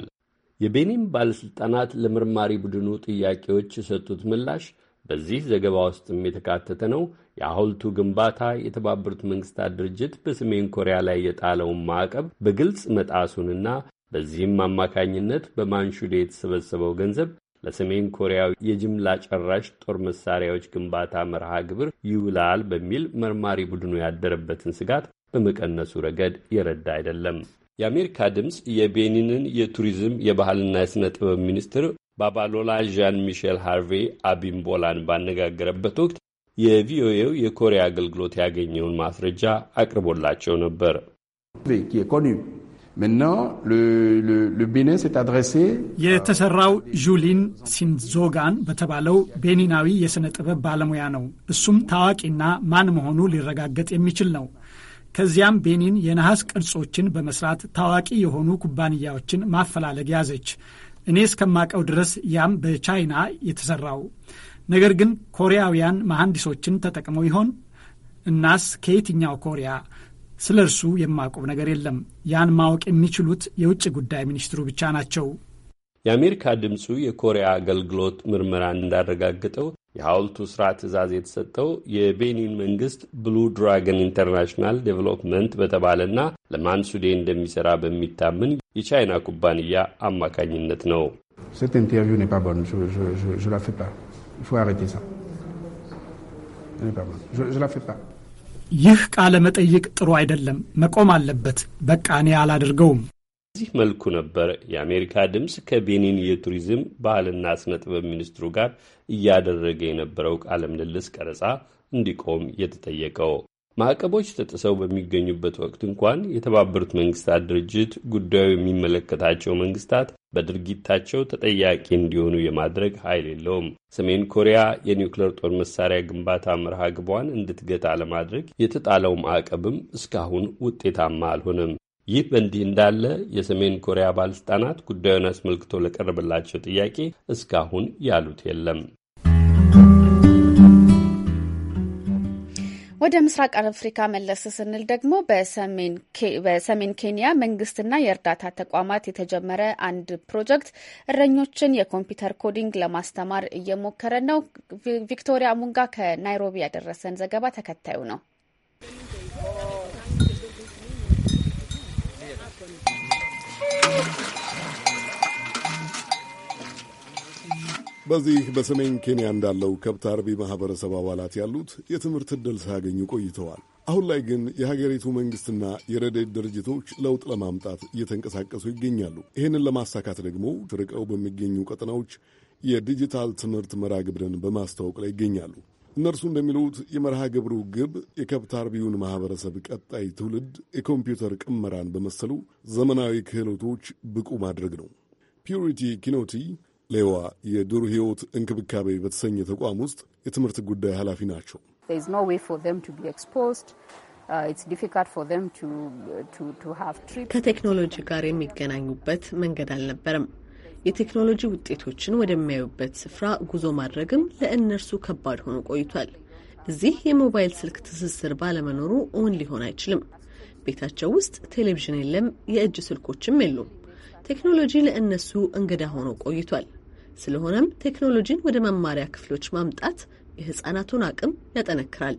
የቤኒን ባለሥልጣናት ለምርማሪ ቡድኑ ጥያቄዎች የሰጡት ምላሽ በዚህ ዘገባ ውስጥም የተካተተ ነው። የሐውልቱ ግንባታ የተባበሩት መንግስታት ድርጅት በሰሜን ኮሪያ ላይ የጣለውን ማዕቀብ በግልጽ መጣሱንና በዚህም አማካኝነት በማንሹዴ የተሰበሰበው ገንዘብ ለሰሜን ኮሪያ የጅምላ ጨራሽ ጦር መሳሪያዎች ግንባታ መርሃ ግብር ይውላል በሚል መርማሪ ቡድኑ ያደረበትን ስጋት በመቀነሱ ረገድ የረዳ አይደለም። የአሜሪካ ድምፅ የቤኒንን የቱሪዝም የባህልና የሥነ ጥበብ ሚኒስትር ባባሎላ ዣን ሚሼል ሃርቬ አቢምቦላን ባነጋገረበት ወቅት የቪኦኤው የኮሪያ አገልግሎት ያገኘውን ማስረጃ አቅርቦላቸው ነበር። የተሰራው ዡሊን ሲንዞጋን በተባለው ቤኒናዊ የሥነ ጥበብ ባለሙያ ነው። እሱም ታዋቂና ማን መሆኑ ሊረጋገጥ የሚችል ነው። ከዚያም ቤኒን የነሐስ ቅርጾችን በመስራት ታዋቂ የሆኑ ኩባንያዎችን ማፈላለግ ያዘች። እኔ እስከማቀው ድረስ ያም በቻይና የተሰራው። ነገር ግን ኮሪያውያን መሐንዲሶችን ተጠቅመው ይሆን? እናስ ከየትኛው ኮሪያ? ስለ እርሱ የማቆም ነገር የለም። ያን ማወቅ የሚችሉት የውጭ ጉዳይ ሚኒስትሩ ብቻ ናቸው። የአሜሪካ ድምፁ የኮሪያ አገልግሎት ምርመራን እንዳረጋገጠው የሐውልቱ ስራ ትዕዛዝ የተሰጠው የቤኒን መንግስት ብሉ ድራገን ኢንተርናሽናል ዴቨሎፕመንት በተባለና ለማንሱዴ እንደሚሰራ በሚታምን የቻይና ኩባንያ አማካኝነት ነው። ይህ ቃለ መጠይቅ ጥሩ አይደለም፣ መቆም አለበት። በቃ እኔ አላደርገውም። በዚህ መልኩ ነበር የአሜሪካ ድምፅ ከቤኒን የቱሪዝም ባህልና ስነ ጥበብ ሚኒስትሩ ጋር እያደረገ የነበረው ቃለ ምልልስ ቀረጻ እንዲቆም የተጠየቀው። ማዕቀቦች ተጥሰው በሚገኙበት ወቅት እንኳን የተባበሩት መንግስታት ድርጅት ጉዳዩ የሚመለከታቸው መንግስታት በድርጊታቸው ተጠያቂ እንዲሆኑ የማድረግ ኃይል የለውም። ሰሜን ኮሪያ የኒውክሌር ጦር መሳሪያ ግንባታ መርሃ ግቧን እንድትገታ ለማድረግ የተጣለው ማዕቀብም እስካሁን ውጤታማ አልሆነም። ይህ በእንዲህ እንዳለ የሰሜን ኮሪያ ባለስልጣናት ጉዳዩን አስመልክቶ ለቀረበላቸው ጥያቄ እስካሁን ያሉት የለም። ወደ ምስራቅ አፍሪካ መለስ ስንል ደግሞ በሰሜን ኬንያ መንግስትና የእርዳታ ተቋማት የተጀመረ አንድ ፕሮጀክት እረኞችን የኮምፒውተር ኮዲንግ ለማስተማር እየሞከረ ነው። ቪክቶሪያ ሙንጋ ከናይሮቢ ያደረሰን ዘገባ ተከታዩ ነው። በዚህ በሰሜን ኬንያ እንዳለው ከብት አርቢ ማኅበረሰብ አባላት ያሉት የትምህርት ዕድል ሳያገኙ ቆይተዋል። አሁን ላይ ግን የሀገሪቱ መንግሥትና የረዴድ ድርጅቶች ለውጥ ለማምጣት እየተንቀሳቀሱ ይገኛሉ። ይህንን ለማሳካት ደግሞ ርቀው በሚገኙ ቀጠናዎች የዲጂታል ትምህርት መርሃ ግብርን በማስተዋወቅ ላይ ይገኛሉ። እነርሱ እንደሚሉት የመርሃ ግብሩ ግብ የከብት አርቢውን ማኅበረሰብ ቀጣይ ትውልድ የኮምፒውተር ቅመራን በመሰሉ ዘመናዊ ክህሎቶች ብቁ ማድረግ ነው። ፒዩሪቲ ኪኖቲ ሌዋ የዱር ሕይወት እንክብካቤ በተሰኘ ተቋም ውስጥ የትምህርት ጉዳይ ኃላፊ ናቸው። uh, ከቴክኖሎጂ ጋር የሚገናኙበት መንገድ አልነበረም። የቴክኖሎጂ ውጤቶችን ወደሚያዩበት ስፍራ ጉዞ ማድረግም ለእነርሱ ከባድ ሆኖ ቆይቷል። እዚህ የሞባይል ስልክ ትስስር ባለመኖሩ እውን ሊሆን አይችልም። ቤታቸው ውስጥ ቴሌቪዥን የለም፣ የእጅ ስልኮችም የሉም። ቴክኖሎጂ ለእነሱ እንግዳ ሆኖ ቆይቷል። ስለሆነም ቴክኖሎጂን ወደ መማሪያ ክፍሎች ማምጣት የሕፃናቱን አቅም ያጠነክራል።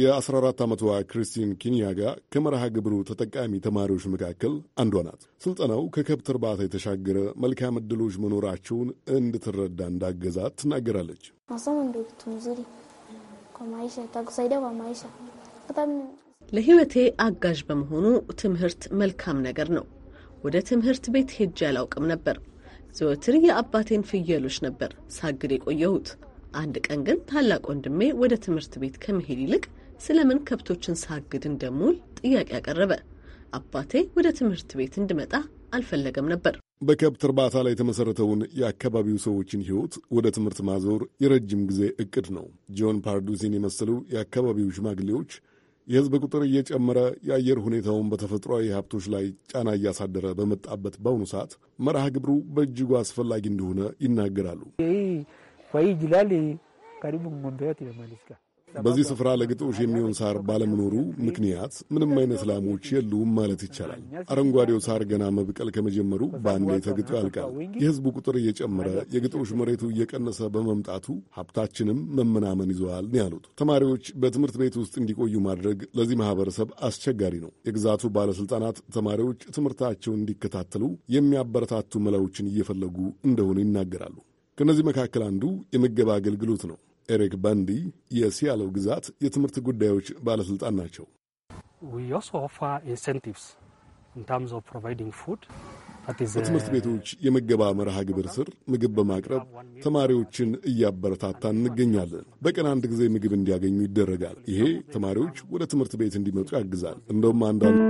የ14 ዓመቷ ክሪስቲን ኪንያጋ ከመርሃ ግብሩ ተጠቃሚ ተማሪዎች መካከል አንዷ ናት። ስልጠናው ከከብት እርባታ የተሻገረ መልካም ዕድሎች መኖራቸውን እንድትረዳ እንዳገዛት ትናገራለች። ለሕይወቴ አጋዥ በመሆኑ ትምህርት መልካም ነገር ነው። ወደ ትምህርት ቤት ሄጄ አላውቅም ነበር። ዘወትር የአባቴን ፍየሎች ነበር ሳግድ የቆየሁት። አንድ ቀን ግን ታላቅ ወንድሜ ወደ ትምህርት ቤት ከመሄድ ይልቅ ስለምን ከብቶችን ሳግድ እንደምውል ጥያቄ አቀረበ። አባቴ ወደ ትምህርት ቤት እንድመጣ አልፈለገም ነበር። በከብት እርባታ ላይ የተመሠረተውን የአካባቢው ሰዎችን ሕይወት ወደ ትምህርት ማዞር የረጅም ጊዜ ዕቅድ ነው። ጆን ፓርዱሲን የመሰሉ የአካባቢው ሽማግሌዎች የህዝብ ቁጥር እየጨመረ የአየር ሁኔታውን በተፈጥሯዊ ሀብቶች ላይ ጫና እያሳደረ በመጣበት በአሁኑ ሰዓት መርሃ ግብሩ በእጅጉ አስፈላጊ እንደሆነ ይናገራሉ። በዚህ ስፍራ ለግጦሽ የሚሆን ሳር ባለመኖሩ ምክንያት ምንም አይነት ላሞች የሉም ማለት ይቻላል። አረንጓዴው ሳር ገና መብቀል ከመጀመሩ በአንዴ ተግጦ ያልቃል። የህዝቡ ቁጥር እየጨመረ የግጦሽ መሬቱ እየቀነሰ በመምጣቱ ሀብታችንም መመናመን ይዘዋል ነው ያሉት። ተማሪዎች በትምህርት ቤት ውስጥ እንዲቆዩ ማድረግ ለዚህ ማህበረሰብ አስቸጋሪ ነው። የግዛቱ ባለስልጣናት ተማሪዎች ትምህርታቸውን እንዲከታተሉ የሚያበረታቱ መላዎችን እየፈለጉ እንደሆነ ይናገራሉ። ከእነዚህ መካከል አንዱ የምገባ አገልግሎት ነው። ኤሪክ ባንዲ የሲያለው ግዛት የትምህርት ጉዳዮች ባለስልጣን ናቸው። uh, በትምህርት ቤቶች የምገባ መርሃ ግብር ስር ምግብ በማቅረብ ተማሪዎችን እያበረታታ እንገኛለን። በቀን አንድ ጊዜ ምግብ እንዲያገኙ ይደረጋል። ይሄ ተማሪዎች ወደ ትምህርት ቤት እንዲመጡ ያግዛል። እንደውም አንዳንድ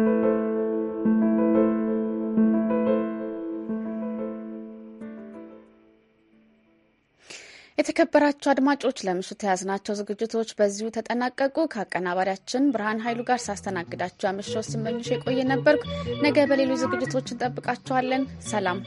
የተከበራችሁ አድማጮች ለምሽት የያዝናቸው ዝግጅቶች በዚሁ ተጠናቀቁ። ከአቀናባሪያችን ብርሃን ኃይሉ ጋር ሳስተናግዳችሁ ያመሸው ስመኝሽ የቆየ ነበርኩ። ነገ በሌሎች ዝግጅቶች እንጠብቃችኋለን። ሰላም።